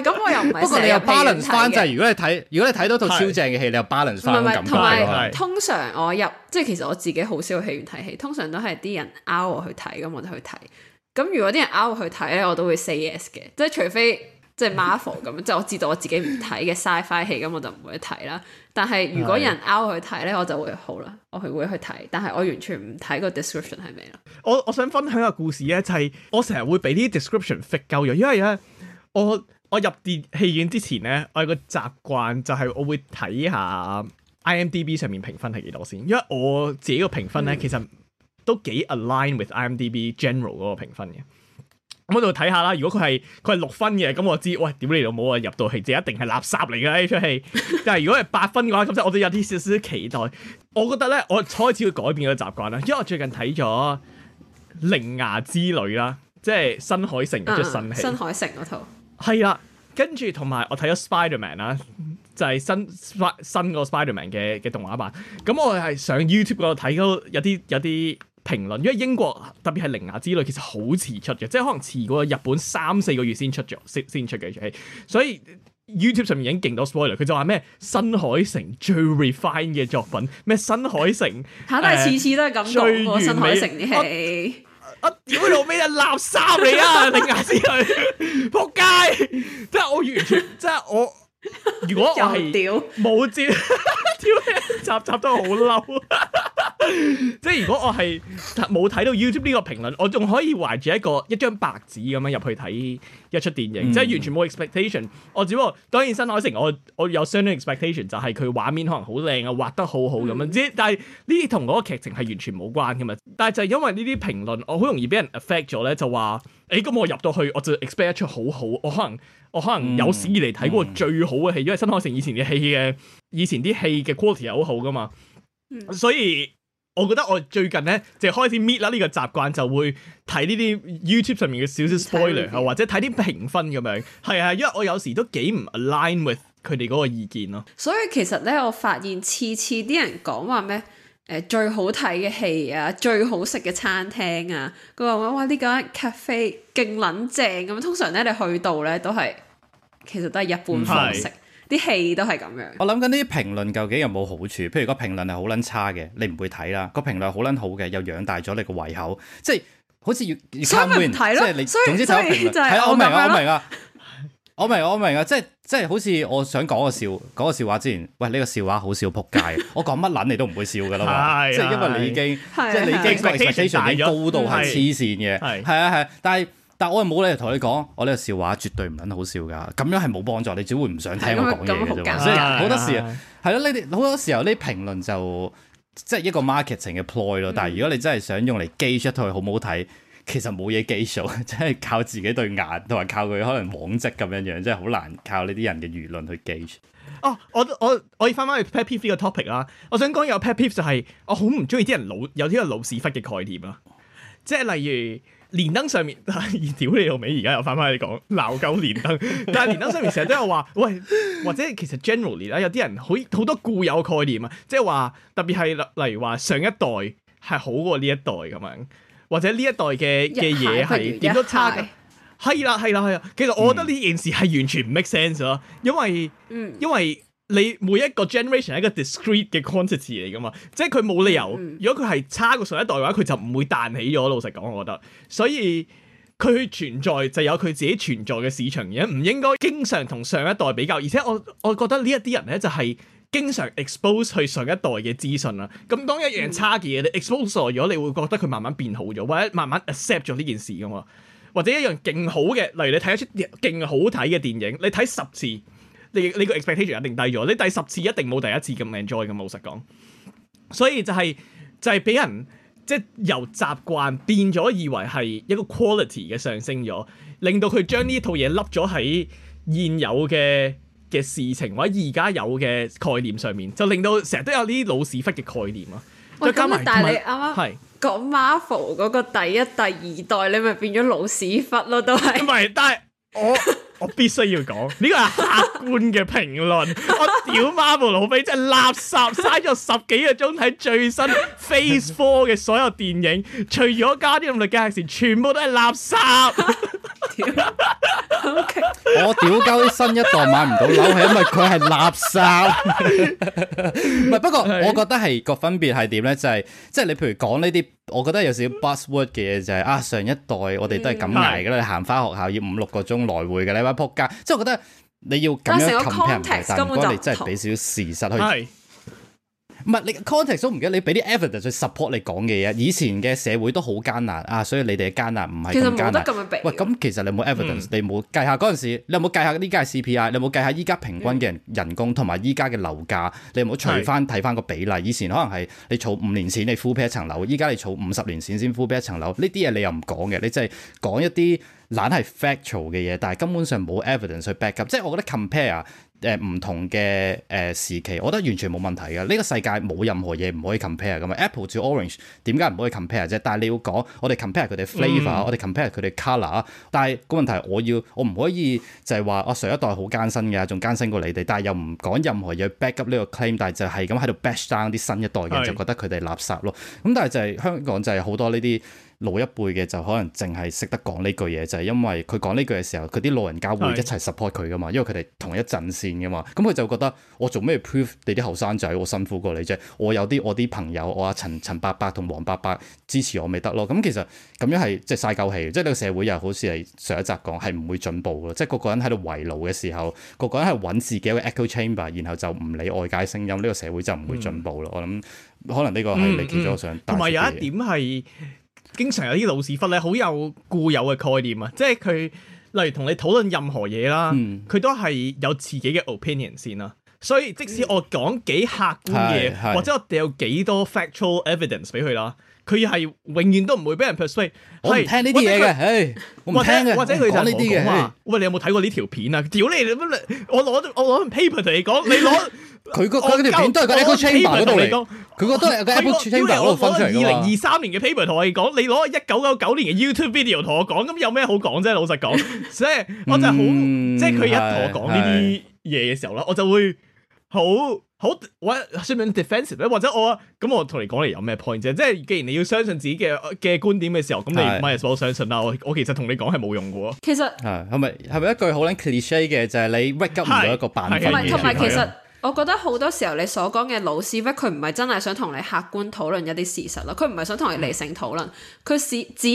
唔咁， 我又唔係有。不過你又 balance 翻，就係如果你睇，如果你睇到套超正嘅戲，你有 balance 的又 balance 翻，同埋通常我入，即係其實我自己好少去戲院睇戲，通常都係啲人 Out 我去睇，咁我就去睇。咁如果啲人 Out 我去睇咧，我都會 say yes 嘅。即係除非即係 Marvel 咁，即係 我知道我自己唔睇嘅 sci-fi 戲，咁我就唔會去睇啦。但係如果有人 Out 我去睇咧，我就會好啦，我係會去睇。但係我完全唔睇個 description 係咩啦。我我想分享個故事咧，就係、是、我成日會俾啲 description 食夠咗，因為咧我。我入電戲院之前咧，我有個習慣就係我會睇下 IMDB 上面評分係幾多先，因為我自己個評分咧，嗯、其實都幾 align with IMDB general 嗰個評分嘅。咁我就睇下啦。如果佢係佢係六分嘅，咁我知，喂點你都冇啊，入到去就一定係垃圾嚟嘅，呢出戲。戲 但係如果係八分嘅話，咁即係我都有啲少少期待。我覺得咧，我開始會改變個習慣啦，因為我最近睇咗《鈴芽之旅》啦，即係新海誠嗰出新戲，啊，新海誠嗰套。係啦，跟住同埋我睇咗 Spiderman 啦，Man, 就係新新個 Spiderman 嘅嘅動畫版。咁我係上 YouTube 嗰度睇到有啲有啲評論，因為英國特別係鈴芽之旅其實好遲出嘅，即係可能遲過日本三四個月出先,先出咗先出嘅出戲。所以 YouTube 上面已經勁多 spoiler，佢就話咩新海誠最 refined 嘅作品，咩新海誠吓， 但係次次都係咁，最完美嘅戲。我屌你老味啊！垃圾你啊，你硬屎佢，仆街！即係我完全，即係我如果我係冇接， 跳翻集集都好嬲。 即係如果我係冇睇到 YouTube 呢個評論，我仲可以懷住一個一張白紙咁樣入去睇一出電影，mm. 即係完全冇 expectation。我只不過當然新海誠，我我有相當 expectation，就係佢畫面可能好靚啊，畫得好好咁樣。只但係呢啲同嗰個劇情係完全冇關噶嘛。但係就係因為呢啲評論，我好容易俾人 affect 咗咧，就話誒，咁、欸、我入到去，我就 expect 一出好好。我可能我可能有史以嚟睇過最好嘅戲，因為新海誠以前嘅戲嘅以前啲戲嘅 quality 係好好噶嘛，mm. 所以。我覺得我最近呢，就開始搣啦呢個習慣，就會睇呢啲 YouTube 上面嘅少少 spoiler，或者睇啲評分咁樣。係啊， 因為我有時都幾唔 align with 佢哋嗰個意見咯。所以其實呢，我發現次次啲人講話咩誒最好睇嘅戲啊，最好食嘅餐廳啊，佢話哇呢間 cafe 勁撚正咁，通常呢，你去到呢都係其實都係一般貨色。啲戲都係咁樣。我諗緊呢啲評論究竟有冇好處？譬如個評論係好撚差嘅，你唔會睇啦。個評論好撚好嘅，又養大咗你個胃口，即係好似要越參與，即係你。所以，咪睇咯。所以咪就係。我明啊，我明啊！我明我明啊！即係即係好似我想講個笑講個笑話之前，喂呢個笑話好笑仆街，我講乜撚你都唔會笑噶啦，即係因為你已經即係你已經其實大高度係黐線嘅，係係係，但係。但我又冇理由同你講，我呢個笑話絕對唔撚好笑㗎，咁樣係冇幫助，你只會唔想聽我講嘢，所以好多時係咯，你哋好多時候呢、啊、評論就即係一個 marketing 嘅 ploy 咯。嗯、但係如果你真係想用嚟 gauge 出佢好唔好睇，其實冇嘢 gauge，即係靠自己對眼同埋靠佢可能網質咁樣樣，即係好難靠呢啲人嘅輿論去 gauge。哦，我我我要翻翻去 pet peeve 嘅 topic 啦，我想講、就是、有 pet peeve 就係我好唔中意啲人老有啲個老屎忽嘅概念啦，即係例如。連登上面， 而屌你老味，而家又翻返嚟講鬧鳩連登。 但係連燈上面成日都有話，喂，或者其實 generally 咧，有啲人好好多固有概念啊，即係話，特別係例如話上一代係好過呢一代咁樣，或者呢一代嘅嘅嘢係點都差嘅。係啦，係啦，係啦，其實我覺得呢件事係完全唔 make sense 咯，因為因為。你每一個 generation 係一個 discrete 嘅 quantity 嚟噶嘛？即係佢冇理由，嗯、如果佢係差過上一代嘅話，佢就唔會彈起咗。老實講，我覺得，所以佢存在就有佢自己存在嘅市場而，唔應該經常同上一代比較。而且我我覺得呢一啲人咧，就係、是、經常 expose 去上一代嘅資訊啦。咁當一樣差嘅嘢你 expose 咗，你會覺得佢慢慢變好咗，或者慢慢 accept 咗呢件事噶嘛？或者一樣勁好嘅，例如你睇一出勁好睇嘅電影，你睇十次。你你個 expectation 一定低咗，你第十次一定冇第一次咁 enjoy 咁，老實講。所以就係、是、就係、是、俾人即係、就是、由習慣變咗，以為係一個 quality 嘅上升咗，令到佢將呢套嘢笠咗喺現有嘅嘅事情或者而家有嘅概念上面，就令到成日都有啲老屎忽嘅概念咯！我覺得但係你啱啱係講 Marvel 嗰個第一第二代，你咪變咗老屎忽咯，都係唔係？ 但係是我。 我必須要講呢個係客觀嘅評論。 我屌 Marvel 老味真係垃圾，嘥咗十幾個鐘睇最新 Phase Four 嘅所有電影，除咗加啲咁嘅 Action，全部都係垃圾。 Okay. 我屌鳩新一代買唔到樓係因為佢係垃圾。唔 係不，不過我覺得係是個分別係點咧？就係即係你譬如講呢啲，我覺得有少少 Buzzword 嘅嘢就係、是、啊，上一代我哋都係咁挨㗎啦，行翻、嗯、學校要五六個鐘來回嘅。咧。仆街，即係我覺得你要咁樣去 compare，但係如果你真係俾少少事實去，唔係你 context 都唔記得，你俾啲 evidence 去 support 你講嘅嘢。以前嘅社會都好艱難啊，所以你哋艱難唔係其實冇得咁嘅比。喂，咁其實你冇 evidence，你冇計下嗰陣時，你有冇計下呢家 CPI？你有冇計下依家平均嘅人工同埋依家嘅樓價？你唔好除翻睇翻個比例。以前可能係你儲五年錢你敷皮一層樓，依家你儲五十年錢先敷皮一層樓。呢啲嘢你又唔講嘅，你真係講一啲。懶係 factual 嘅嘢，但係根本上冇 evidence 去 back up，即係我覺得 compare 誒、呃、唔同嘅誒、呃、時期，我覺得完全冇問題嘅。呢、這個世界冇任何嘢唔可以 compare 㗎嘛。Apple to Orange，點解唔可以 compare 啫？但係你要講，我哋 compare 佢哋 flavor、嗯、我哋 compare 佢哋 color，但係個問題我，我要我唔可以就係話我上一代好艱辛㗎，仲艱辛過你哋，但係又唔講任何嘢 back up 呢個 claim，但係就係咁喺度 bash down 啲新一代嘅，是就覺得佢哋垃圾咯。咁但係就係、是、香港就係好多呢啲。老一輩嘅就可能淨係識得講呢句嘢，就係、是、因為佢講呢句嘅時候，佢啲老人家會一齊 support 佢噶嘛，因為佢哋同一陣線噶嘛。咁佢就覺得我做咩 prove 你啲後生仔，我辛苦過你啫。我有啲我啲朋友，我阿陳陳伯伯同黃伯伯支持我咪得咯。咁、嗯、其實咁樣係即係嘥鳩氣，即、就、係、是、呢個社會又好似係上一集講係唔會進步咯。即係個個人喺度圍爐嘅時候，個個人係揾自己一個 echo chamber，然後就唔理外界聲音，呢、這個社會就唔會進步咯。嗯、我諗可能呢個係你其中想同埋、嗯嗯嗯、有一點係。經常有啲老屎忽呢，好有固有嘅概念啊，即係佢例如同你討論任何嘢啦，佢、嗯、都係有自己嘅 opinion 先啦。所以即使我講幾客觀嘢，或者、欸、我哋有幾多 factual evidence 俾佢啦，佢係永遠都唔會俾人 persuade。唔聽呢啲嘢嘅，唔聽或者佢就呢啲嘢。欸、喂，你有冇睇過呢條片啊？屌你！我攞我攞份 paper 同你講，你攞。 佢個佢嗰條片都係個 echo chamber 嗰度嚟，佢個都係個 echo chamber 攞翻出嚟嘅。我攞二零二三年嘅 paper 同你講，你攞一九九九年嘅 YouTube video 同我講，咁有咩好講啫？老實講，即係我就好，即係佢一同我講呢啲嘢嘅時候啦，我就會好好或者算唔算 defensive 咧？或者我咁我同你講嚟有咩 point 啫？即係既然你要相信自己嘅嘅觀點嘅時候，咁你 minus 我都相信啦。我我其實同你講係冇用嘅。其實係係咪係咪一句好捻 cliche 嘅？就係你 wake up 唔到一個辦法。同埋其實。我覺得好多時候你所講嘅老師，佢唔係真係想同你客觀討論一啲事實咯，佢唔係想同你理性討論，佢是指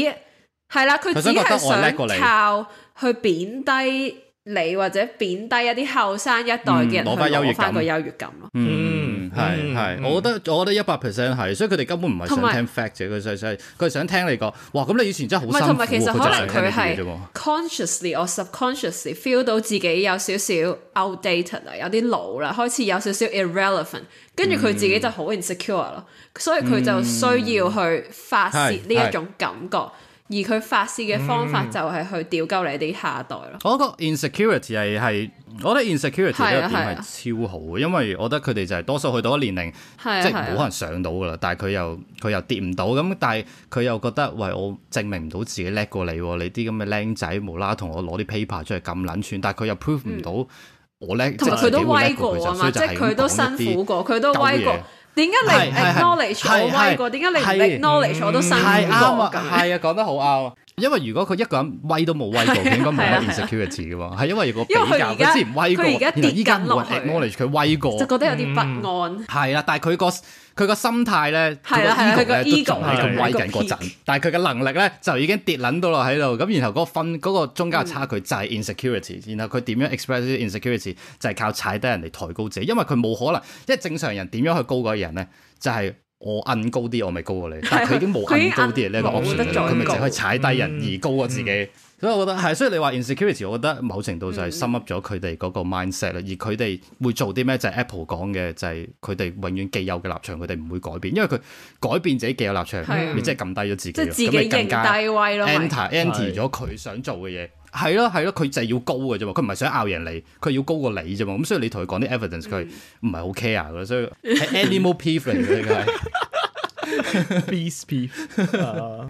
係啦，佢只係想靠去貶低。你或者貶低一啲後生一代嘅人攞翻優越感，攞翻個優越感咯。嗯，係係，我覺得我覺得一百 percent 係，所以佢哋根本唔係想聽 fact 嘅有，佢想想聽你講。哇，咁你以前真係好辛苦喎。唔係，同埋其實可能佢係 consciously or subconsciously feel 到自己有少少 outdated 啊，有啲老啦，開始有少少 irrelevant，跟住佢自己就好 insecure 咯、嗯，所以佢就需要去發泄呢一種感覺。嗯而佢發泄嘅方法就係去吊鳩你哋下代咯、嗯。我覺得 insecurity 係係，我覺得 insecurity 有一點係超好嘅，啊、因為我覺得佢哋就係、是、多數去到一年齡，即係冇可能上到噶啦、啊。但係佢又佢又跌唔到，咁但係佢又覺得喂，我證明唔到自己叻過你喎，你啲咁嘅靚仔無啦啦同我攞啲 paper 出嚟咁撚串，但係佢又 prove 唔到我叻，佢都威過啊嘛，即係佢都辛苦過，佢、嗯、都威過。點解你唔 acknowledge 我威過？點解你唔 acknowledge 我都生唔到？係啊、嗯，講 得好啱。因為如果佢一個人威都冇威過，點咁容易 secure 字嘅喎？係因為如果比較佢之前威過，然後依家唔 acknowledge 佢威過、嗯，就覺得有啲不安。係啦、嗯，但係佢個。佢個心態咧，佢個 ego 咧，都仲係咁威緊嗰陣，但係佢嘅能力咧，就已經跌撚到落喺度。咁然後嗰個分嗰、嗰個中間嘅差距就係 insecurity。嗯、然後佢點樣 express 啲 insecurity 就係靠踩低人嚟抬高自己，因為佢冇可能，因為正常人點樣去高嗰個人咧，就係、係、我摁高啲，我咪高過你。但係佢已經冇摁、啊、高啲呢個 option，佢咪凈可以踩低人而高過自己。嗯嗯嗯。所以我覺得係，所以你話 insecurity，我覺得某程度就係深屈咗佢哋嗰個 mindset 啦、嗯。而佢哋會做啲咩就係 Apple 講嘅，就係佢哋永遠既有嘅立場佢哋唔會改變，因為佢改變自己既有立場，嗯、你即係撳低咗自己。嗯、即係自己勁低威咯。Enter anti 咗佢想做嘅嘢，係咯係咯，佢就係要高嘅啫嘛。佢唔係想拗贏你，佢要高過你啫嘛。咁所以你同佢講啲 evidence，佢唔係好 care，所以 animal peeve 嚟嘅，梗係 beast peeve。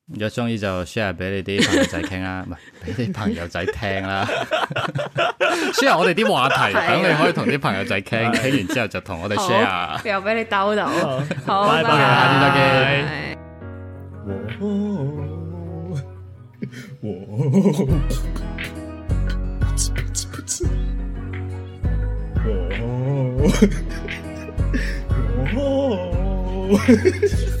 如果中意就 share 俾你啲朋友仔傾啦，唔係俾啲朋友仔聽啦。share 我哋啲話題，等對、啊、你可以同啲朋友仔傾，對聽完之後就同我哋 share。又俾你兜到，好，好，好 bye 拜拜，下次再見。